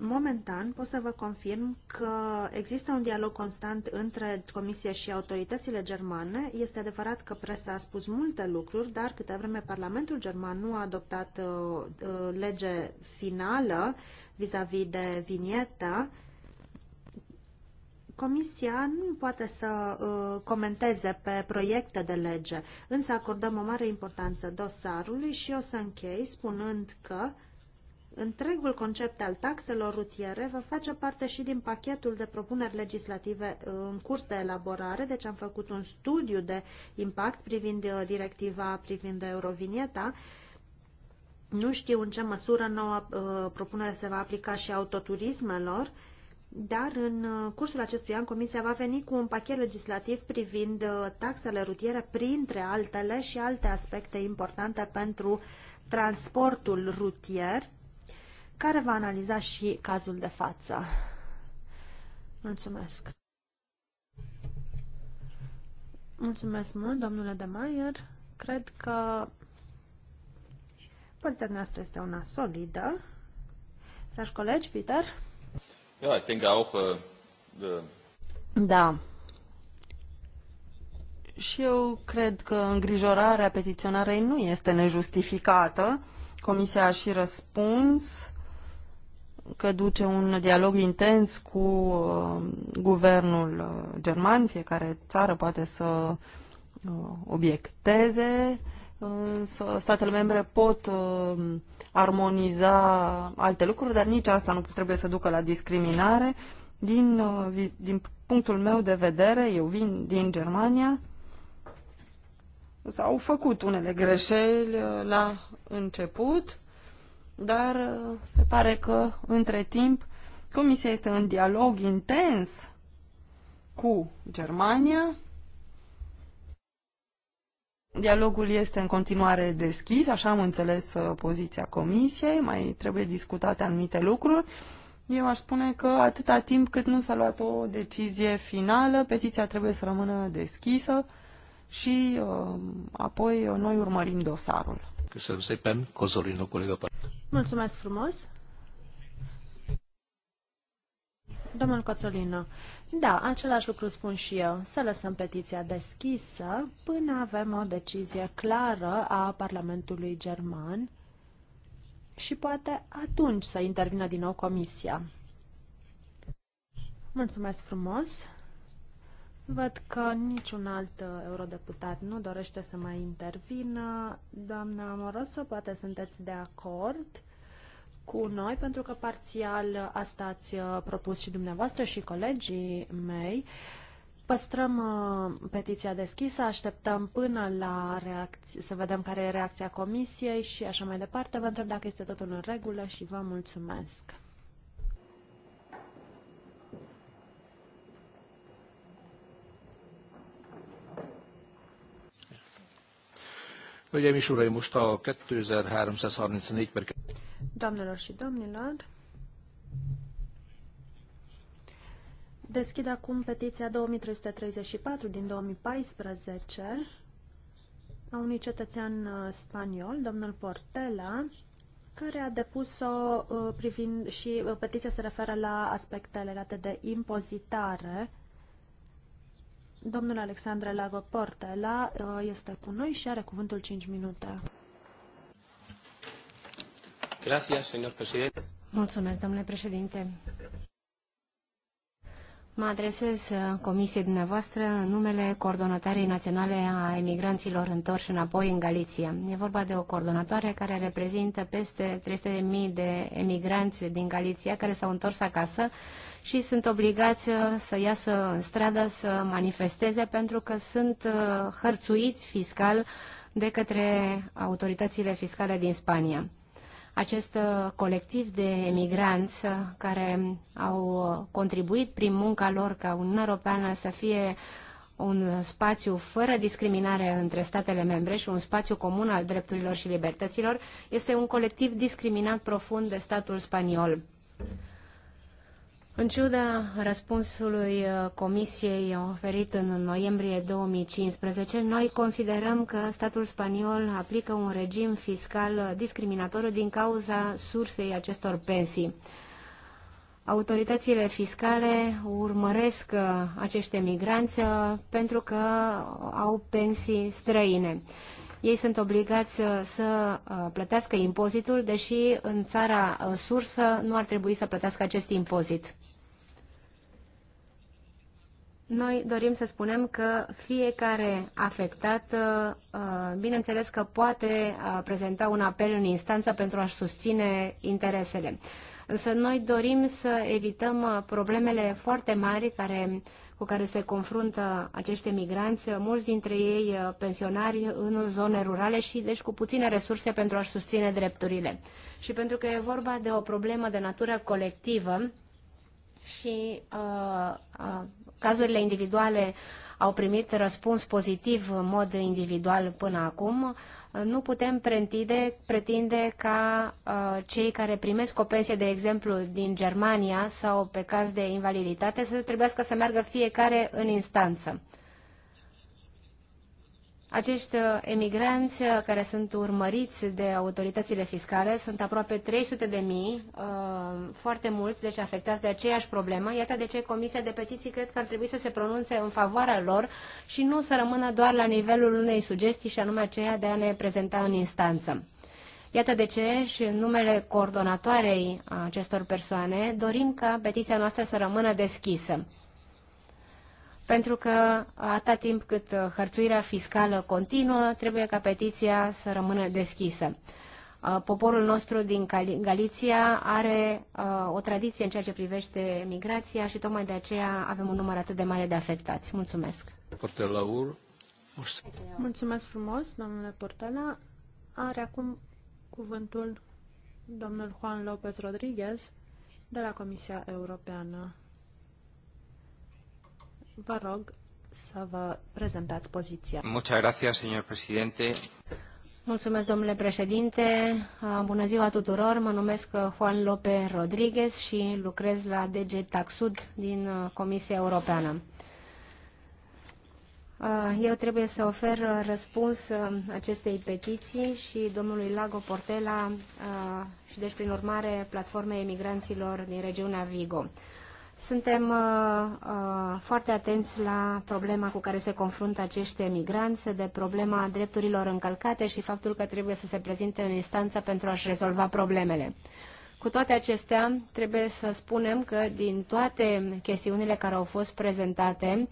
Speaker 1: Momentan pot să vă confirm că există un dialog constant între Comisie și autoritățile germane. Este adevărat că presa a spus multe lucruri, dar câte vreme Parlamentul german nu a adoptat uh, uh lege finală vis-a-vis -vis de vinieta, Comisia nu poate să uh, comenteze pe proiecte de lege, însă acordăm o mare importanță dosarului și o să închei spunând că uh, Întregul concept al taxelor rutiere va face parte și din pachetul de propuneri legislative uh, în curs de elaborare, deci am făcut un studiu de impact privind uh, directiva, privind Eurovinieta. Nu știu în ce măsură noua uh, propunere se va aplica și autoturismelor, dar în cursul acestui an Comisia va veni cu un pachet legislativ privind taxele rutiere, printre altele și alte aspecte importante pentru transportul rutier care va analiza și cazul de față. Mulțumesc! Mulțumesc mult, domnule de Maier. Cred că poziția noastră este una solidă.
Speaker 2: Dragi colegi, Peter?
Speaker 1: Ja, ich denke auch, uh, uh...
Speaker 2: Da. Și eu cred că îngrijorarea petiționarei nu este nejustificată. Comisia a și răspuns că duce un dialog intens cu uh, guvernul uh, german, fiecare țară poate să uh, obiecteze, însă statele membre pot armoniza alte lucruri, dar nici asta nu trebuie să ducă la discriminare. Din, din punctul meu de vedere, eu vin din Germania, s-au făcut unele greșeli la început, dar uh, se pare că între timp Comisia este în dialog intens cu Germania. Dialogul este în continuare deschis, așa am înțeles uh, poziția Comisiei, mai trebuie discutate anumite lucruri. Eu aș spune că atâta timp cât nu s-a luat o decizie finală, petiția trebuie să rămână deschisă și uh, apoi noi urmărim dosarul.
Speaker 1: Köszönöm szépen, Kozolino kolléga.
Speaker 2: Mulțumesc frumos.
Speaker 1: Domnul Coțolino, da, același lucru spun și eu. Să lăsăm petiția deschisă până avem o decizie clară a Parlamentului German și poate atunci să intervină din nou Comisia. Mulțumesc frumos! Văd că niciun alt uh, eurodeputat nu dorește să mai intervină. Doamna Amoroso, poate sunteți de acord cu noi, pentru că parțial uh, asta ați uh, propus și dumneavoastră și colegii mei. Păstrăm uh, petiția deschisă, așteptăm până la reacție, să vedem care e reacția comisiei și așa mai departe. Vă întreb dacă este totul în regulă și vă mulțumesc. Hölgyeim és Uraim, most a 2334 per... Doamnelor și domnilor, deschid acum petiția 2334 din 2014 a unui cetățean uh, spaniol, domnul Portela, care a depus-o uh, privind și uh, petiția se referă la aspecte legate de impozitare Domnul Alexandre Lago Portela uh, este cu noi și are cuvântul
Speaker 3: 5 minute.
Speaker 2: Gracias, señor presidente.
Speaker 3: Mulțumesc, domnule președinte. Mă adresez uh, comisiei dumneavoastră în numele coordonatarii Naționale a Emigranților Întorși înapoi în Galiția. E vorba de o coordonatoare care reprezintă peste 300.000 de emigranți din Galiția care s-au întors acasă și sunt obligați uh, să iasă în stradă să manifesteze pentru că sunt uh, hărțuiți fiscal de către autoritățile fiscale din Spania acest uh, colectiv de emigranți uh, care au uh, contribuit prin munca lor ca Uniunea Europeană să fie un spațiu fără discriminare între statele membre și un spațiu comun al drepturilor și libertăților, este un colectiv discriminat profund de statul spaniol. În ciuda răspunsului uh, Comisiei oferit în noiembrie 2015, noi considerăm că statul spaniol aplică un regim fiscal discriminatoriu din cauza sursei acestor pensii. Autoritățile fiscale urmăresc uh, acești migranți uh, pentru că au pensii străine ei sunt obligați să plătească impozitul, deși în țara sursă nu ar trebui să plătească acest impozit. Noi dorim să spunem că fiecare afectat, uh, uh, bineînțeles că poate uh, prezenta un apel în instanță pentru a-și susține interesele. Însă noi dorim să evităm problemele foarte mari care, cu care se confruntă acești migranți, mulți dintre ei pensionari în zone rurale și deci cu puține resurse pentru a-și susține drepturile. Și pentru că e vorba de o problemă de natură colectivă și uh, uh, Cazurile individuale au primit răspuns pozitiv în mod individual până acum. Nu putem pretinde, pretinde ca uh, cei care primesc o pensie, de exemplu, din Germania sau pe caz de invaliditate, să trebuiască să meargă fiecare în instanță. Acești uh, emigranți uh, care sunt urmăriți de autoritățile fiscale sunt aproape 300 de mii, uh, foarte mulți, deci afectați de aceeași problemă. Iată de ce Comisia de Petiții cred că ar trebui să se pronunțe în favoarea lor și nu să rămână doar la nivelul unei sugestii și anume aceea de a ne prezenta în instanță. Iată de ce și în numele coordonatoarei acestor persoane dorim ca petiția noastră să rămână deschisă pentru că atâta timp cât uh, hărțuirea fiscală continuă, trebuie ca petiția să rămână deschisă. Uh, poporul nostru din Galiția are uh, o tradiție în ceea ce privește migrația și tocmai de aceea avem un număr atât de mare de afectați. Mulțumesc!
Speaker 1: Mulțumesc frumos, domnule Portela. Are acum cuvântul domnul Juan López Rodríguez de la Comisia Europeană.
Speaker 3: Vă rog să vă prezentați poziția. Muchas
Speaker 2: gracias, señor presidente.
Speaker 3: Mulțumesc, domnule președinte. Ah, bună ziua tuturor. Mă numesc ah, Juan Lope Rodriguez și lucrez la DG Taxud din ah, Comisia Europeană. Eu trebuie să ofer răspuns acestei petiții și domnului Lago Portela și deci prin urmare platformei emigranților din regiunea Vigo. Suntem uh, uh, foarte atenți la problema cu care se confruntă acești emigranți, de problema drepturilor încălcate și faptul că trebuie să se prezinte în instanță pentru a-și rezolva problemele. Cu toate acestea, trebuie să spunem că din toate chestiunile care au fost prezentate,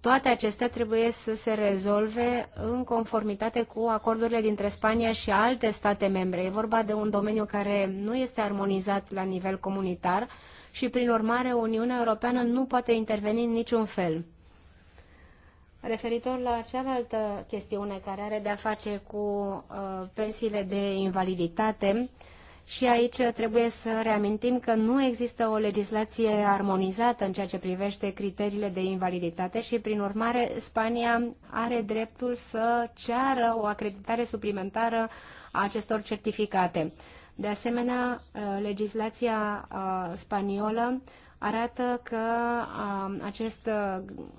Speaker 3: toate acestea trebuie să se rezolve în conformitate cu acordurile dintre Spania și alte state membre. E vorba de un domeniu care nu este armonizat la nivel comunitar, și, prin urmare, Uniunea Europeană nu poate interveni în niciun fel. Referitor la cealaltă chestiune care are de-a face cu uh, pensiile de invaliditate, și aici trebuie să reamintim că nu există o legislație armonizată în ceea ce privește criteriile de invaliditate și, prin urmare, Spania are dreptul să ceară o acreditare suplimentară a acestor certificate. De asemenea, uh, legislația uh, spaniolă arată că uh, acest,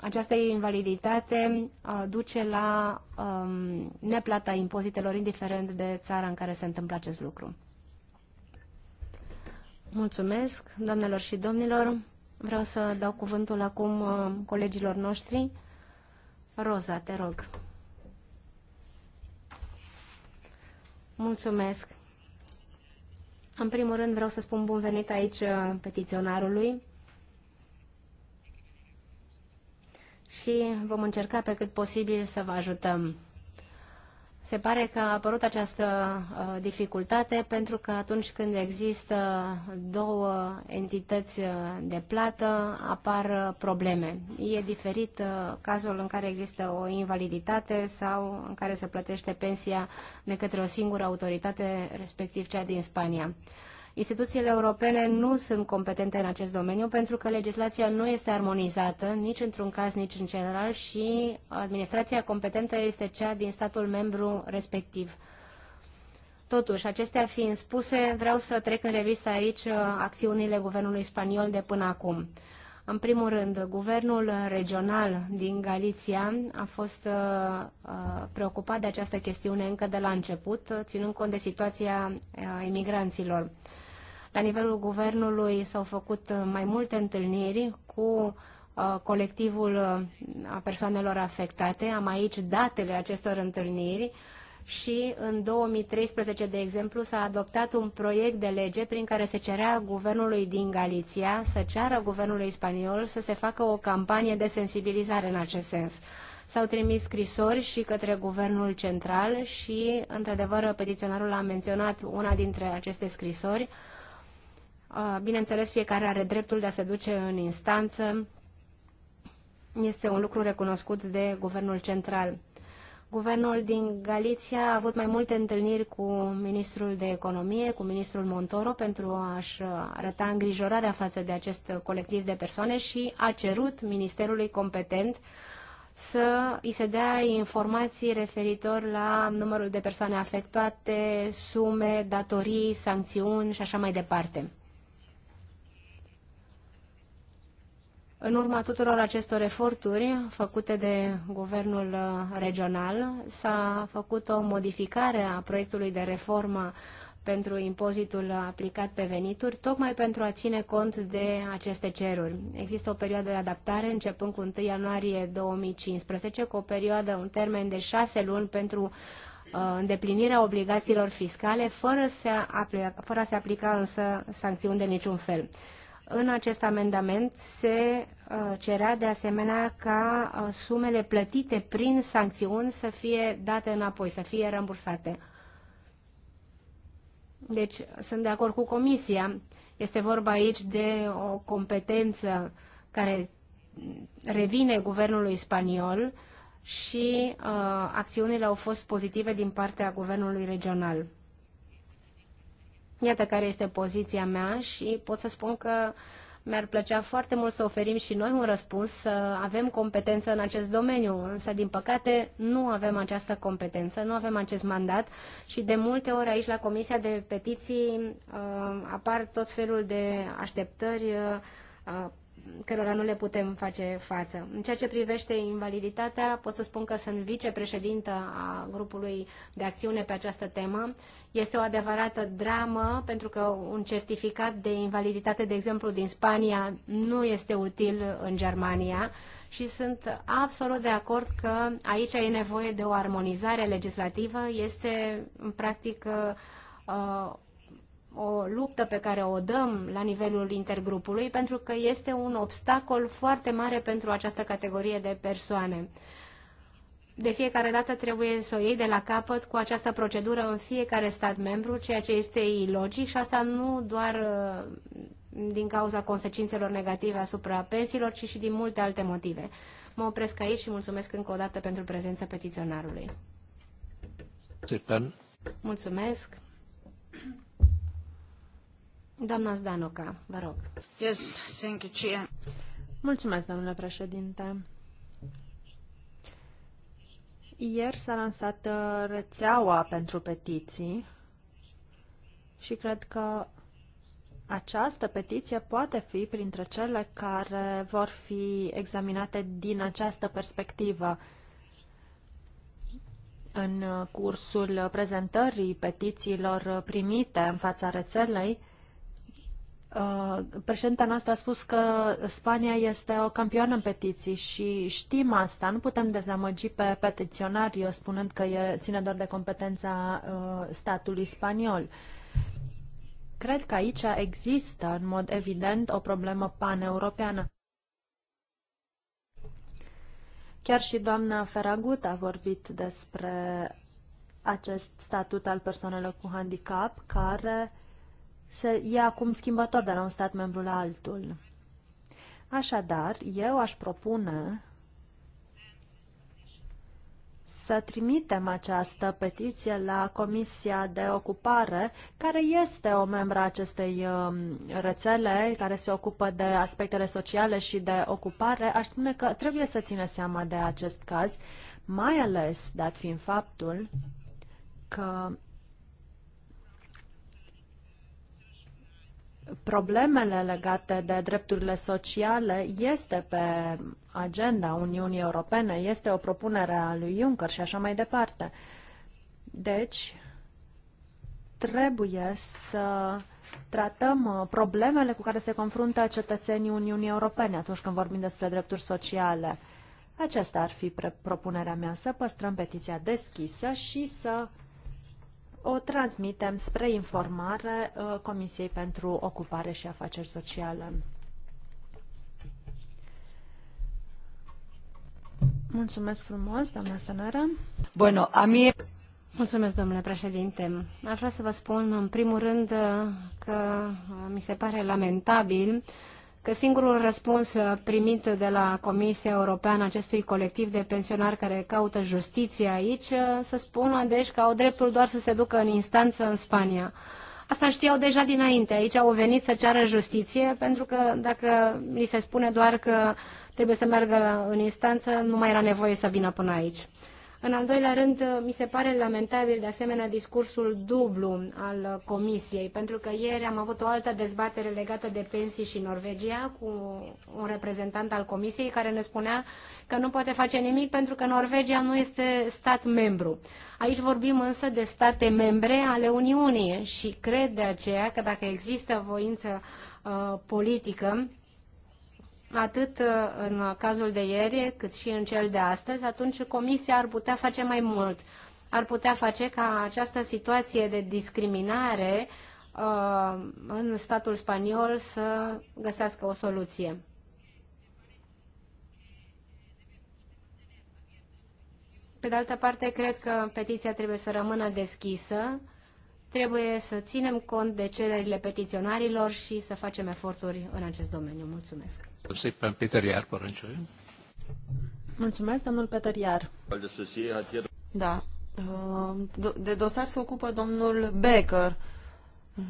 Speaker 3: această invaliditate duce la um, neplata impozitelor, indiferent de țara în care se întâmplă acest lucru. Mulțumesc, doamnelor și domnilor. Vreau să dau cuvântul acum colegilor noștri. Roza, te rog. Mulțumesc. În primul rând vreau să spun bun venit aici uh, petiționarului și vom încerca pe cât posibil să vă ajutăm. Se pare că a apărut această uh, dificultate pentru că atunci când există două entități uh, de plată apar uh, probleme. E diferit cazul în care există o invaliditate sau în care se plătește pensia de către o singură autoritate, respectiv cea din Spania. Instituțiile europene nu sunt competente în acest domeniu pentru că legislația nu este armonizată nici într-un caz, nici în general și administrația competentă este cea din statul membru respectiv. Totuși, acestea fiind spuse, vreau să trec în revistă aici uh, acțiunile guvernului spaniol de până acum. În primul rând, guvernul regional din Galiția a fost uh, uh preocupat de această chestiune încă de la început, ținând cont de situația uh, imigranților. Uh, la nivelul guvernului s-au făcut uh, mai multe întâlniri cu uh, colectivul uh, a persoanelor afectate. Am aici datele acestor întâlniri și în 2013, de exemplu, s-a adoptat un proiect de lege prin care se cerea guvernului din Galiția să ceară guvernului spaniol să se facă o campanie de sensibilizare în acest sens. S-au trimis scrisori și către guvernul central și, într-adevăr, petiționarul a menționat una dintre aceste scrisori, uh, Ah, bineînțeles, fiecare are dreptul de a se duce în instanță. Este un lucru recunoscut de guvernul central. Guvernul din Galiția a avut mai multe întâlniri cu ministrul de economie, cu ministrul Montoro, pentru a-și arăta îngrijorarea față de acest colectiv de persoane și a cerut ministerului competent să îi se dea informații referitor la numărul de persoane afectate, sume, datorii, sancțiuni și așa mai departe. În urma tuturor acestor eforturi făcute de guvernul uh, regional, s-a făcut o modificare a proiectului de reformă pentru impozitul aplicat pe venituri, tocmai pentru a ține cont de aceste ceruri. Există o perioadă de adaptare începând cu 1 ianuarie 2015, cu o perioadă, un termen de șase luni pentru uh, îndeplinirea obligațiilor fiscale, fără, să aplica, fără a se aplica însă sancțiuni de niciun fel. În acest amendament se uh, cerea de asemenea ca uh, sumele plătite prin sancțiuni să fie date înapoi, să fie rambursate. Deci sunt de acord cu Comisia. Este vorba aici de o competență care revine guvernului spaniol și uh, acțiunile au fost pozitive din partea guvernului regional. Iată care este poziția mea și pot să spun că mi-ar plăcea foarte mult să oferim și noi un răspuns, să avem competență în acest domeniu, însă, din păcate, nu avem această competență, nu avem acest mandat și de multe ori aici, la Comisia de Petiții, uh, apar tot felul de așteptări uh, cărora nu le putem face față. În ceea ce privește invaliditatea, pot să spun că sunt vicepreședintă a grupului de acțiune pe această temă. Este o adevărată dramă pentru că un certificat de invaliditate, de exemplu, din Spania nu este util în Germania și sunt absolut de acord că aici e nevoie de o armonizare legislativă. Este, în practic, uh, o luptă pe care o dăm la nivelul intergrupului, pentru că este un obstacol foarte mare pentru această categorie de persoane. De fiecare dată trebuie să o iei de la capăt cu această procedură în fiecare stat membru, ceea ce este ilogic și asta nu doar uh, din cauza consecințelor negative asupra pensiilor, ci și din multe alte motive. Mă opresc aici și mulțumesc încă o dată pentru prezența petiționarului. Mulțumesc. Doamna Zdanoca, vă rog. Yes, thank you, Chia. Mulțumesc, domnule președinte.
Speaker 1: Ieri s-a lansat uh, rețeaua pentru petiții și cred că această petiție poate fi printre cele care vor fi examinate din această perspectivă în cursul prezentării petițiilor primite în fața rețelei, Uh, președinta noastră a spus că Spania este o campioană în petiții și știm asta. Nu putem dezamăgi pe petiționari spunând că e, ține doar de competența uh, statului spaniol. Cred că aici există, în mod evident, o problemă paneuropeană. Chiar și doamna Feragut a vorbit despre acest statut al persoanelor cu handicap care se ia acum schimbător de la un stat membru la altul. Așadar, eu aș propune să trimitem această petiție la Comisia de Ocupare, care este o membră a acestei um, rețele, care se ocupă de aspectele sociale și de ocupare. Aș spune că trebuie să ține seama de acest caz, mai ales dat fiind faptul că problemele legate de drepturile sociale este pe agenda Uniunii Europene, este o propunere a lui Juncker și așa mai departe. Deci, trebuie să tratăm uh, problemele cu care se confruntă cetățenii Uniunii Europene atunci când vorbim despre drepturi sociale. Aceasta ar fi propunerea mea, să păstrăm petiția deschisă și să o transmitem spre informare uh, Comisiei pentru Ocupare și Afaceri Sociale.
Speaker 3: Mulțumesc frumos, doamna Sănără. Bueno, a mie... Mulțumesc, domnule președinte. Aș vrea să vă spun, în primul rând, uh, că mi se pare lamentabil uh, că singurul răspuns uh, primit de la Comisia Europeană acestui colectiv de pensionari care caută justiție aici, uh, să spună deci că au dreptul doar să se ducă în instanță în Spania. Asta știau deja dinainte. Aici au venit să ceară justiție, pentru că dacă li se spune doar că trebuie să meargă în instanță, nu mai era nevoie să vină până aici. În al doilea rând, mi se pare lamentabil de asemenea discursul dublu al Comisiei, pentru că ieri am avut o altă dezbatere legată de pensii și Norvegia cu un reprezentant al Comisiei care ne spunea că nu poate face nimic pentru că Norvegia nu este stat membru. Aici vorbim însă de state membre ale Uniunii și cred de aceea că dacă există voință uh, politică, atât uh, în cazul de ieri, cât și în cel de astăzi, atunci Comisia ar putea face mai mult. Ar putea face ca această situație de discriminare uh, în statul spaniol să găsească o soluție. Pe de altă parte, cred că petiția trebuie să rămână deschisă Trebuie să ținem cont de cererile petiționarilor și să facem eforturi în acest domeniu. Mulțumesc.
Speaker 1: Peter Iar,
Speaker 2: Mulțumesc, domnul Peter Iar. Da. Uh, de dosar se ocupă domnul Becker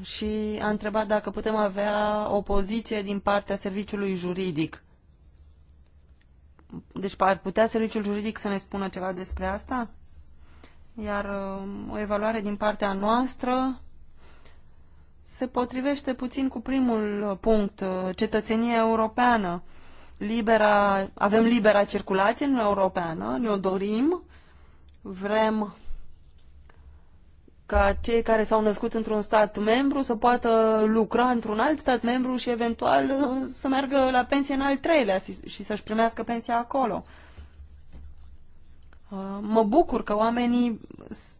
Speaker 2: și a întrebat dacă putem avea o poziție din partea serviciului juridic. Deci ar putea serviciul juridic să ne spună ceva despre asta? Iar um, o evaluare din partea noastră se potrivește puțin cu primul uh, punct, uh, cetățenia europeană. Libera, avem libera circulație în Europeană, ne-o dorim, vrem ca cei care s-au născut într-un stat membru să poată lucra într-un alt stat membru și eventual uh, să meargă la pensie în al treilea și să-și primească pensia acolo. Uh, mă bucur că oamenii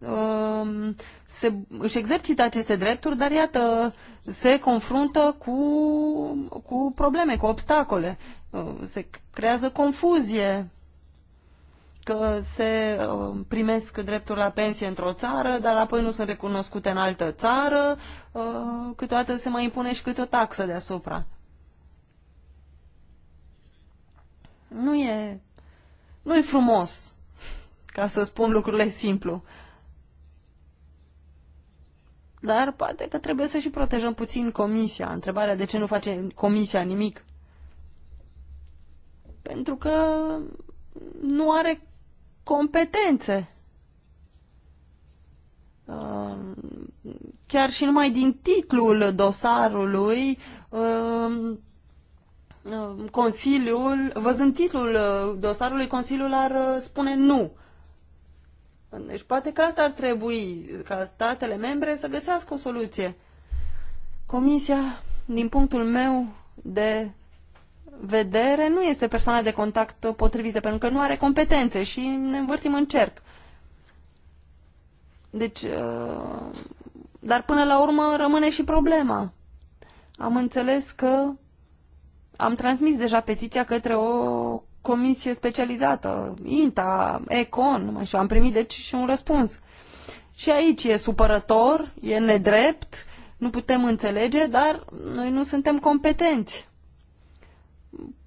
Speaker 2: uh, se, își exercită aceste drepturi, dar iată, se confruntă cu, cu probleme, cu obstacole. Uh, se creează confuzie că se primesc drepturi la pensie într-o țară, dar apoi nu sunt recunoscute în altă țară, câteodată se mai impune și câte o taxă deasupra. Nu e, nu e frumos ca să spun lucrurile simplu. Dar poate că trebuie să și protejăm puțin comisia. Întrebarea de ce nu face comisia nimic. Pentru că nu are competențe. Uh, chiar și numai din titlul dosarului, uh, uh, Consiliul, văzând titlul dosarului, Consiliul ar spune nu. Deci poate că asta ar trebui, ca statele membre să găsească o soluție. Comisia, din punctul meu de vedere, nu este persoana de contact potrivită, pentru că nu are competențe și ne învârtim în cerc. Deci, uh, dar până la urmă rămâne și problema. Am înțeles că am transmis deja petiția către o comisie specializată, INTA, ECON, și am primit deci și un răspuns. Și aici e supărător, e nedrept, nu putem înțelege, dar noi nu suntem competenți.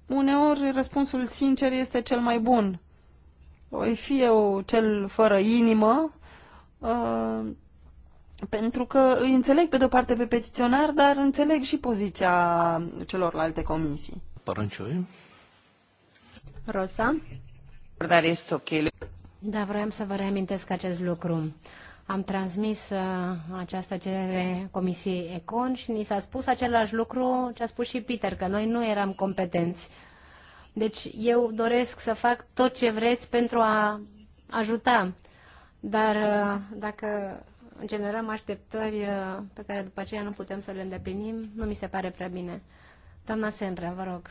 Speaker 2: Uneori răspunsul sincer este cel mai bun. Oi fi eu cel fără inimă, uh, pentru că îi înțeleg pe de-o parte pe petiționar, dar înțeleg și poziția
Speaker 3: celorlalte comisii.
Speaker 2: Părâncioi?
Speaker 3: Rosa? Da, vroiam să vă reamintesc acest lucru. Am transmis uh, această cerere Comisiei Econ și ni s-a spus același lucru ce a spus și Peter, că noi nu eram competenți. Deci eu doresc să fac tot ce vreți pentru a ajuta, dar uh, dacă generăm așteptări uh, pe care după aceea nu putem să le îndeplinim, nu mi se pare prea bine. Doamna Senra, vă rog.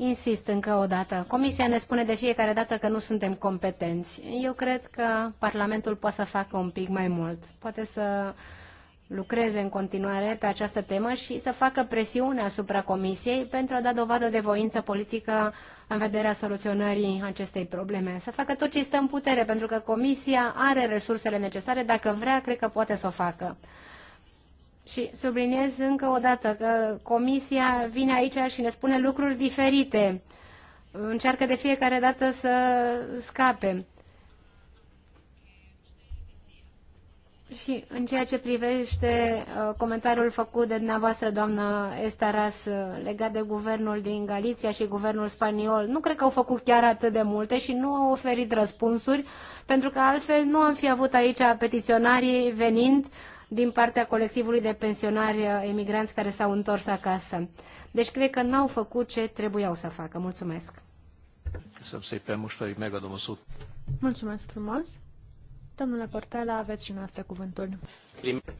Speaker 3: Insist încă o dată. Comisia ne spune de fiecare dată că nu suntem competenți. Eu cred că Parlamentul poate să facă un pic mai mult. Poate să lucreze în continuare pe această temă și să facă presiune asupra Comisiei pentru a da dovadă de voință politică în vederea soluționării acestei probleme. Să facă tot ce stă în putere, pentru că Comisia are resursele necesare. Dacă vrea, cred că poate să o facă. Și subliniez încă o dată că comisia vine aici și ne spune lucruri diferite. Încearcă de fiecare dată să scape. Și în ceea ce privește uh, comentariul făcut de dumneavoastră, doamna Estaras, uh, legat de guvernul din Galiția și guvernul spaniol, nu cred că au făcut chiar atât de multe și nu au oferit răspunsuri, pentru că altfel nu am fi avut aici petiționarii venind uh, din partea colectivului de pensionari uh, emigranți care s-au întors acasă. Deci cred că n-au făcut ce trebuiau să facă. Mulțumesc! Mulțumesc frumos! Domnule Portela, aveți și noastră cuvântul.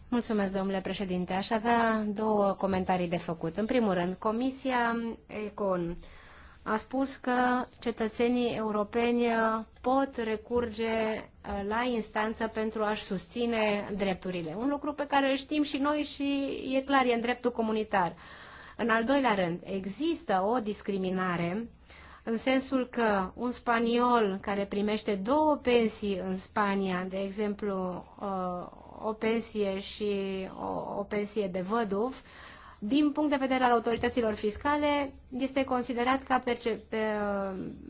Speaker 3: Mulțumesc, domnule președinte. Aș avea două comentarii de făcut. În primul rând, Comisia Econ a spus că cetățenii europeni pot recurge uh, la instanță pentru a-și susține drepturile. Un lucru pe care îl știm și noi și e clar, e în dreptul comunitar. În al doilea rând, există o discriminare în sensul că un spaniol care primește două pensii în Spania, de exemplu uh, o pensie și o, o pensie de văduv, din punct de vedere al autorităților fiscale, este considerat ca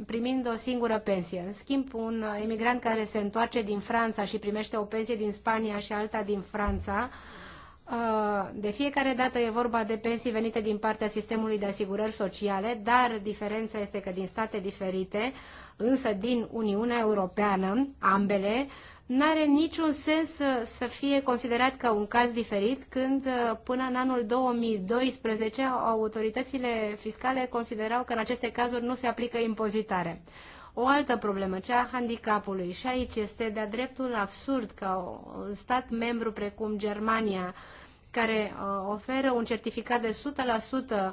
Speaker 3: primind o singură pensie. În schimb, un emigrant care se întoarce din Franța și primește o pensie din Spania și alta din Franța, uh, de fiecare dată e vorba de pensii venite din partea sistemului de asigurări sociale, dar diferența este că din state diferite, însă din Uniunea Europeană, ambele, N-are niciun sens să, să fie considerat ca un caz diferit când uh, până în anul 2012 autoritățile fiscale considerau că în aceste cazuri nu se aplică impozitare. O altă problemă, cea a handicapului, și aici este de-a dreptul absurd ca un stat membru precum Germania, care uh, oferă un certificat de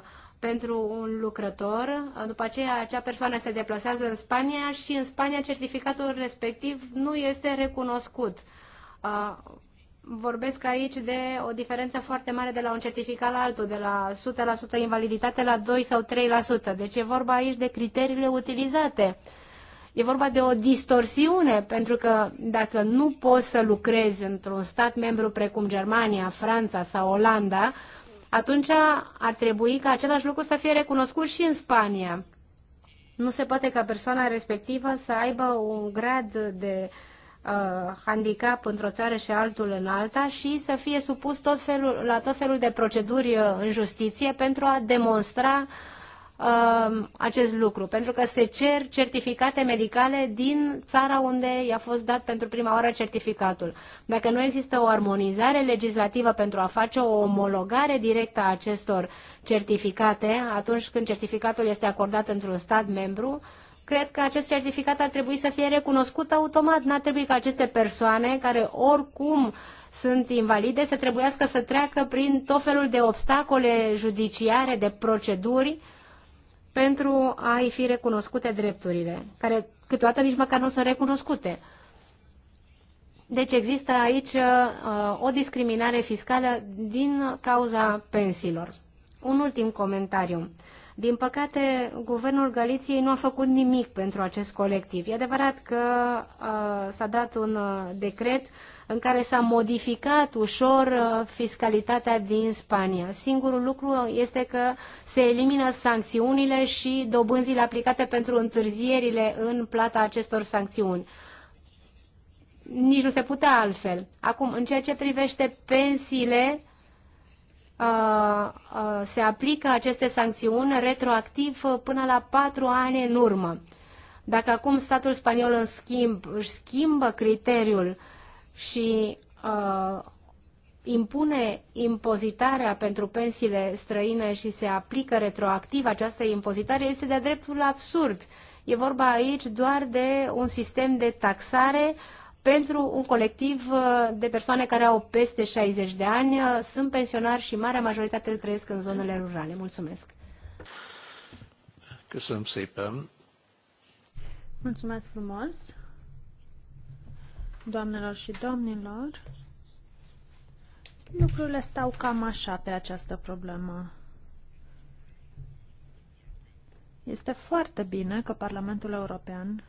Speaker 3: 100% pentru un lucrător, după aceea acea persoană se deplasează în Spania și în Spania certificatul respectiv nu este recunoscut. Vorbesc aici de o diferență foarte mare de la un certificat la altul, de la 100% invaliditate la 2 sau 3%. Deci e vorba aici de criteriile utilizate. E vorba de o distorsiune, pentru că dacă nu poți să lucrezi într-un stat membru precum Germania, Franța sau Olanda, atunci ar trebui ca același lucru să fie recunoscut și în Spania. Nu se poate ca persoana respectivă să aibă un grad de uh, handicap într-o țară și altul în alta și să fie supus tot felul, la tot felul de proceduri uh, în justiție pentru a demonstra uh, Um, acest lucru, pentru că se cer certificate medicale din țara unde i-a fost dat pentru prima oară certificatul. Dacă nu există o armonizare legislativă pentru a face o omologare directă a acestor certificate, atunci când certificatul este acordat într-un stat membru, cred că acest certificat ar trebui să fie recunoscut automat. N-ar trebui ca aceste persoane, care oricum sunt invalide, să trebuiască să treacă prin tot felul de obstacole judiciare, de proceduri, pentru a-i fi recunoscute drepturile, care câteodată nici măcar nu sunt recunoscute. Deci există aici uh, o discriminare fiscală din cauza pensiilor. Un ultim comentariu. Din păcate, guvernul Galiției nu a făcut nimic pentru acest colectiv. E adevărat că uh, s-a dat un uh, decret uh, în care s-a modificat ușor uh, fiscalitatea din Spania. Singurul lucru este că se elimină sancțiunile și dobânzile aplicate pentru întârzierile în plata acestor sancțiuni nici nu se putea altfel. Acum, în ceea ce privește pensiile, uh, uh, se aplică aceste sancțiuni retroactiv până la patru ani în urmă. Dacă acum statul spaniol, în schimb, își schimbă criteriul și uh, impune impozitarea pentru pensiile străine și se aplică retroactiv această impozitare este de-a dreptul absurd. E vorba aici doar de un sistem de taxare pentru un colectiv uh, de persoane care au peste 60 de ani, uh, sunt pensionari și marea majoritate trăiesc în zonele rurale. Mulțumesc! Mulțumesc frumos!
Speaker 1: Doamnelor și domnilor, lucrurile stau cam așa pe această problemă. Este foarte bine că Parlamentul European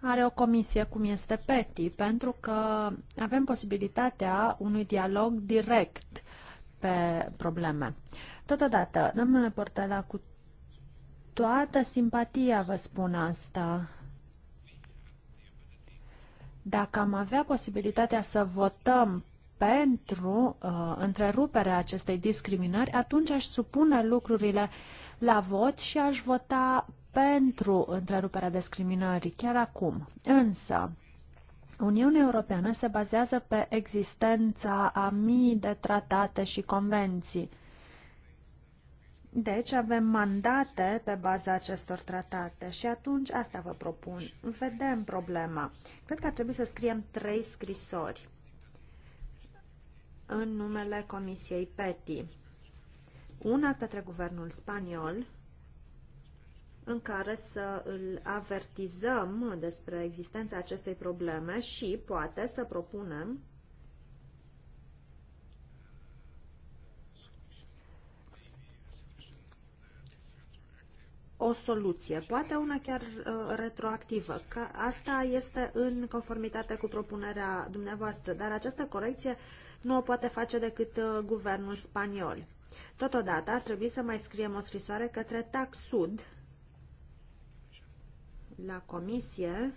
Speaker 1: are o comisie cum este PETI, pentru că avem posibilitatea unui dialog direct pe probleme. Totodată, domnule Portela, cu toată simpatia vă spun asta, dacă am avea posibilitatea să votăm pentru uh, întreruperea acestei discriminări, atunci aș supune lucrurile la vot și aș vota pentru întreruperea discriminării chiar acum. Însă, Uniunea Europeană se bazează pe existența a mii de tratate și convenții. Deci avem mandate pe baza acestor tratate și atunci asta vă propun. Vedem problema. Cred că ar trebui să scriem trei scrisori în numele Comisiei PETI. Una către guvernul spaniol, în care să îl avertizăm despre existența acestei probleme și poate să propunem o soluție, poate una chiar uh, retroactivă. Ca asta este în conformitate cu propunerea dumneavoastră, dar această corecție nu o poate face decât uh, guvernul spaniol. Totodată ar trebui să mai scriem o scrisoare către TAC Sud la comisie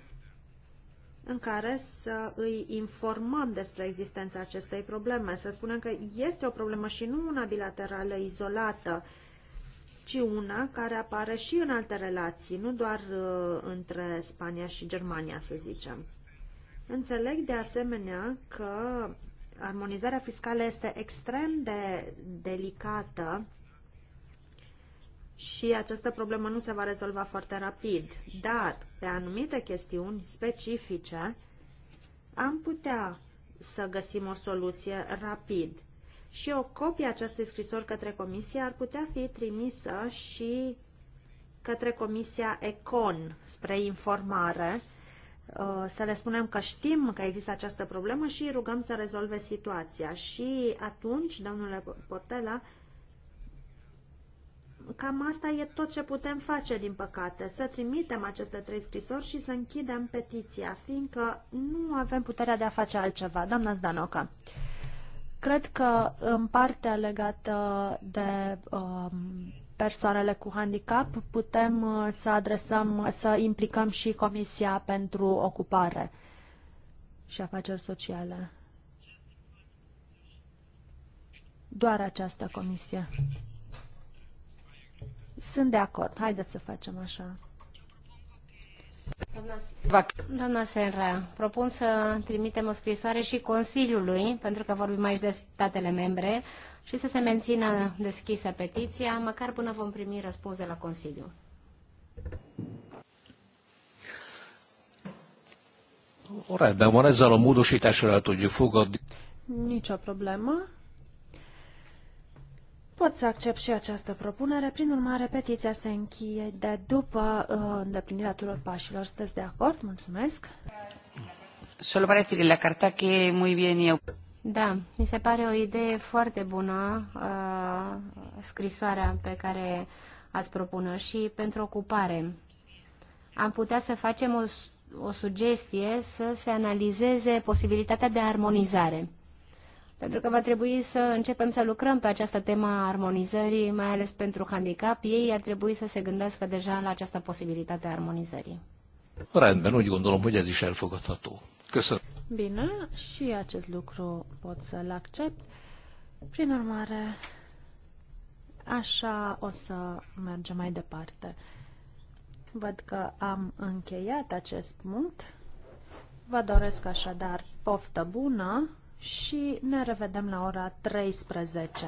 Speaker 1: în care să îi informăm despre existența acestei probleme, să spunem că este o problemă și nu una bilaterală izolată, uh, ci una care apare și în alte relații, nu doar uh, între Spania și Germania, să zicem. Înțeleg de asemenea că armonizarea fiscală este extrem de delicată și această problemă nu se va rezolva foarte rapid, dar pe anumite chestiuni specifice am putea să găsim o soluție rapid și o copie a acestei scrisori către comisie ar putea fi trimisă și către comisia ECON spre informare, uh, să le spunem că știm că există această problemă și rugăm să rezolve situația. Și atunci, domnule Portela, cam asta e tot ce putem face, din păcate, să trimitem aceste trei scrisori și să închidem petiția, fiindcă nu avem puterea de a face altceva. Doamna Zdanoca. Cred că în partea legată de um, persoanele cu handicap putem uh, să adresăm, să implicăm și Comisia pentru Ocupare și Afaceri Sociale. Doar această comisie.
Speaker 3: Sunt de acord. Haideți să facem așa. Doamna Senra, propun să trimitem o scrisoare și Consiliului, pentru că vorbim aici de statele membre, și să se mențină deschisă petiția, măcar până vom primi răspuns de la Consiliu. Rendben van, ezzel a
Speaker 1: módosításra el tudjuk fogadni. Nincs a probléma. Pot să accept și această propunere. Prin urmare, petiția se încheie de după uh, îndeplinirea tuturor pașilor. Sunteți de acord? Mulțumesc.
Speaker 3: Solo para decirle la carta que muy bien yo. Da, mi se pare o idee foarte bună uh, scrisoarea pe care ați propună și pentru ocupare. Am putea să facem o, o sugestie să se analizeze posibilitatea de armonizare pentru că va trebui să începem să lucrăm pe această temă a armonizării, mai ales pentru handicap. Ei ar trebui să se gândească deja la această posibilitate a armonizării.
Speaker 1: Rendben, úgy gondolom, hogy ez is elfogadható. Köszönöm.
Speaker 3: Bine, și acest lucru pot să-l
Speaker 1: accept. Prin urmare, așa o să mergem mai departe. Văd că am încheiat acest punct. Vă doresc așadar poftă bună și ne revedem la ora 13.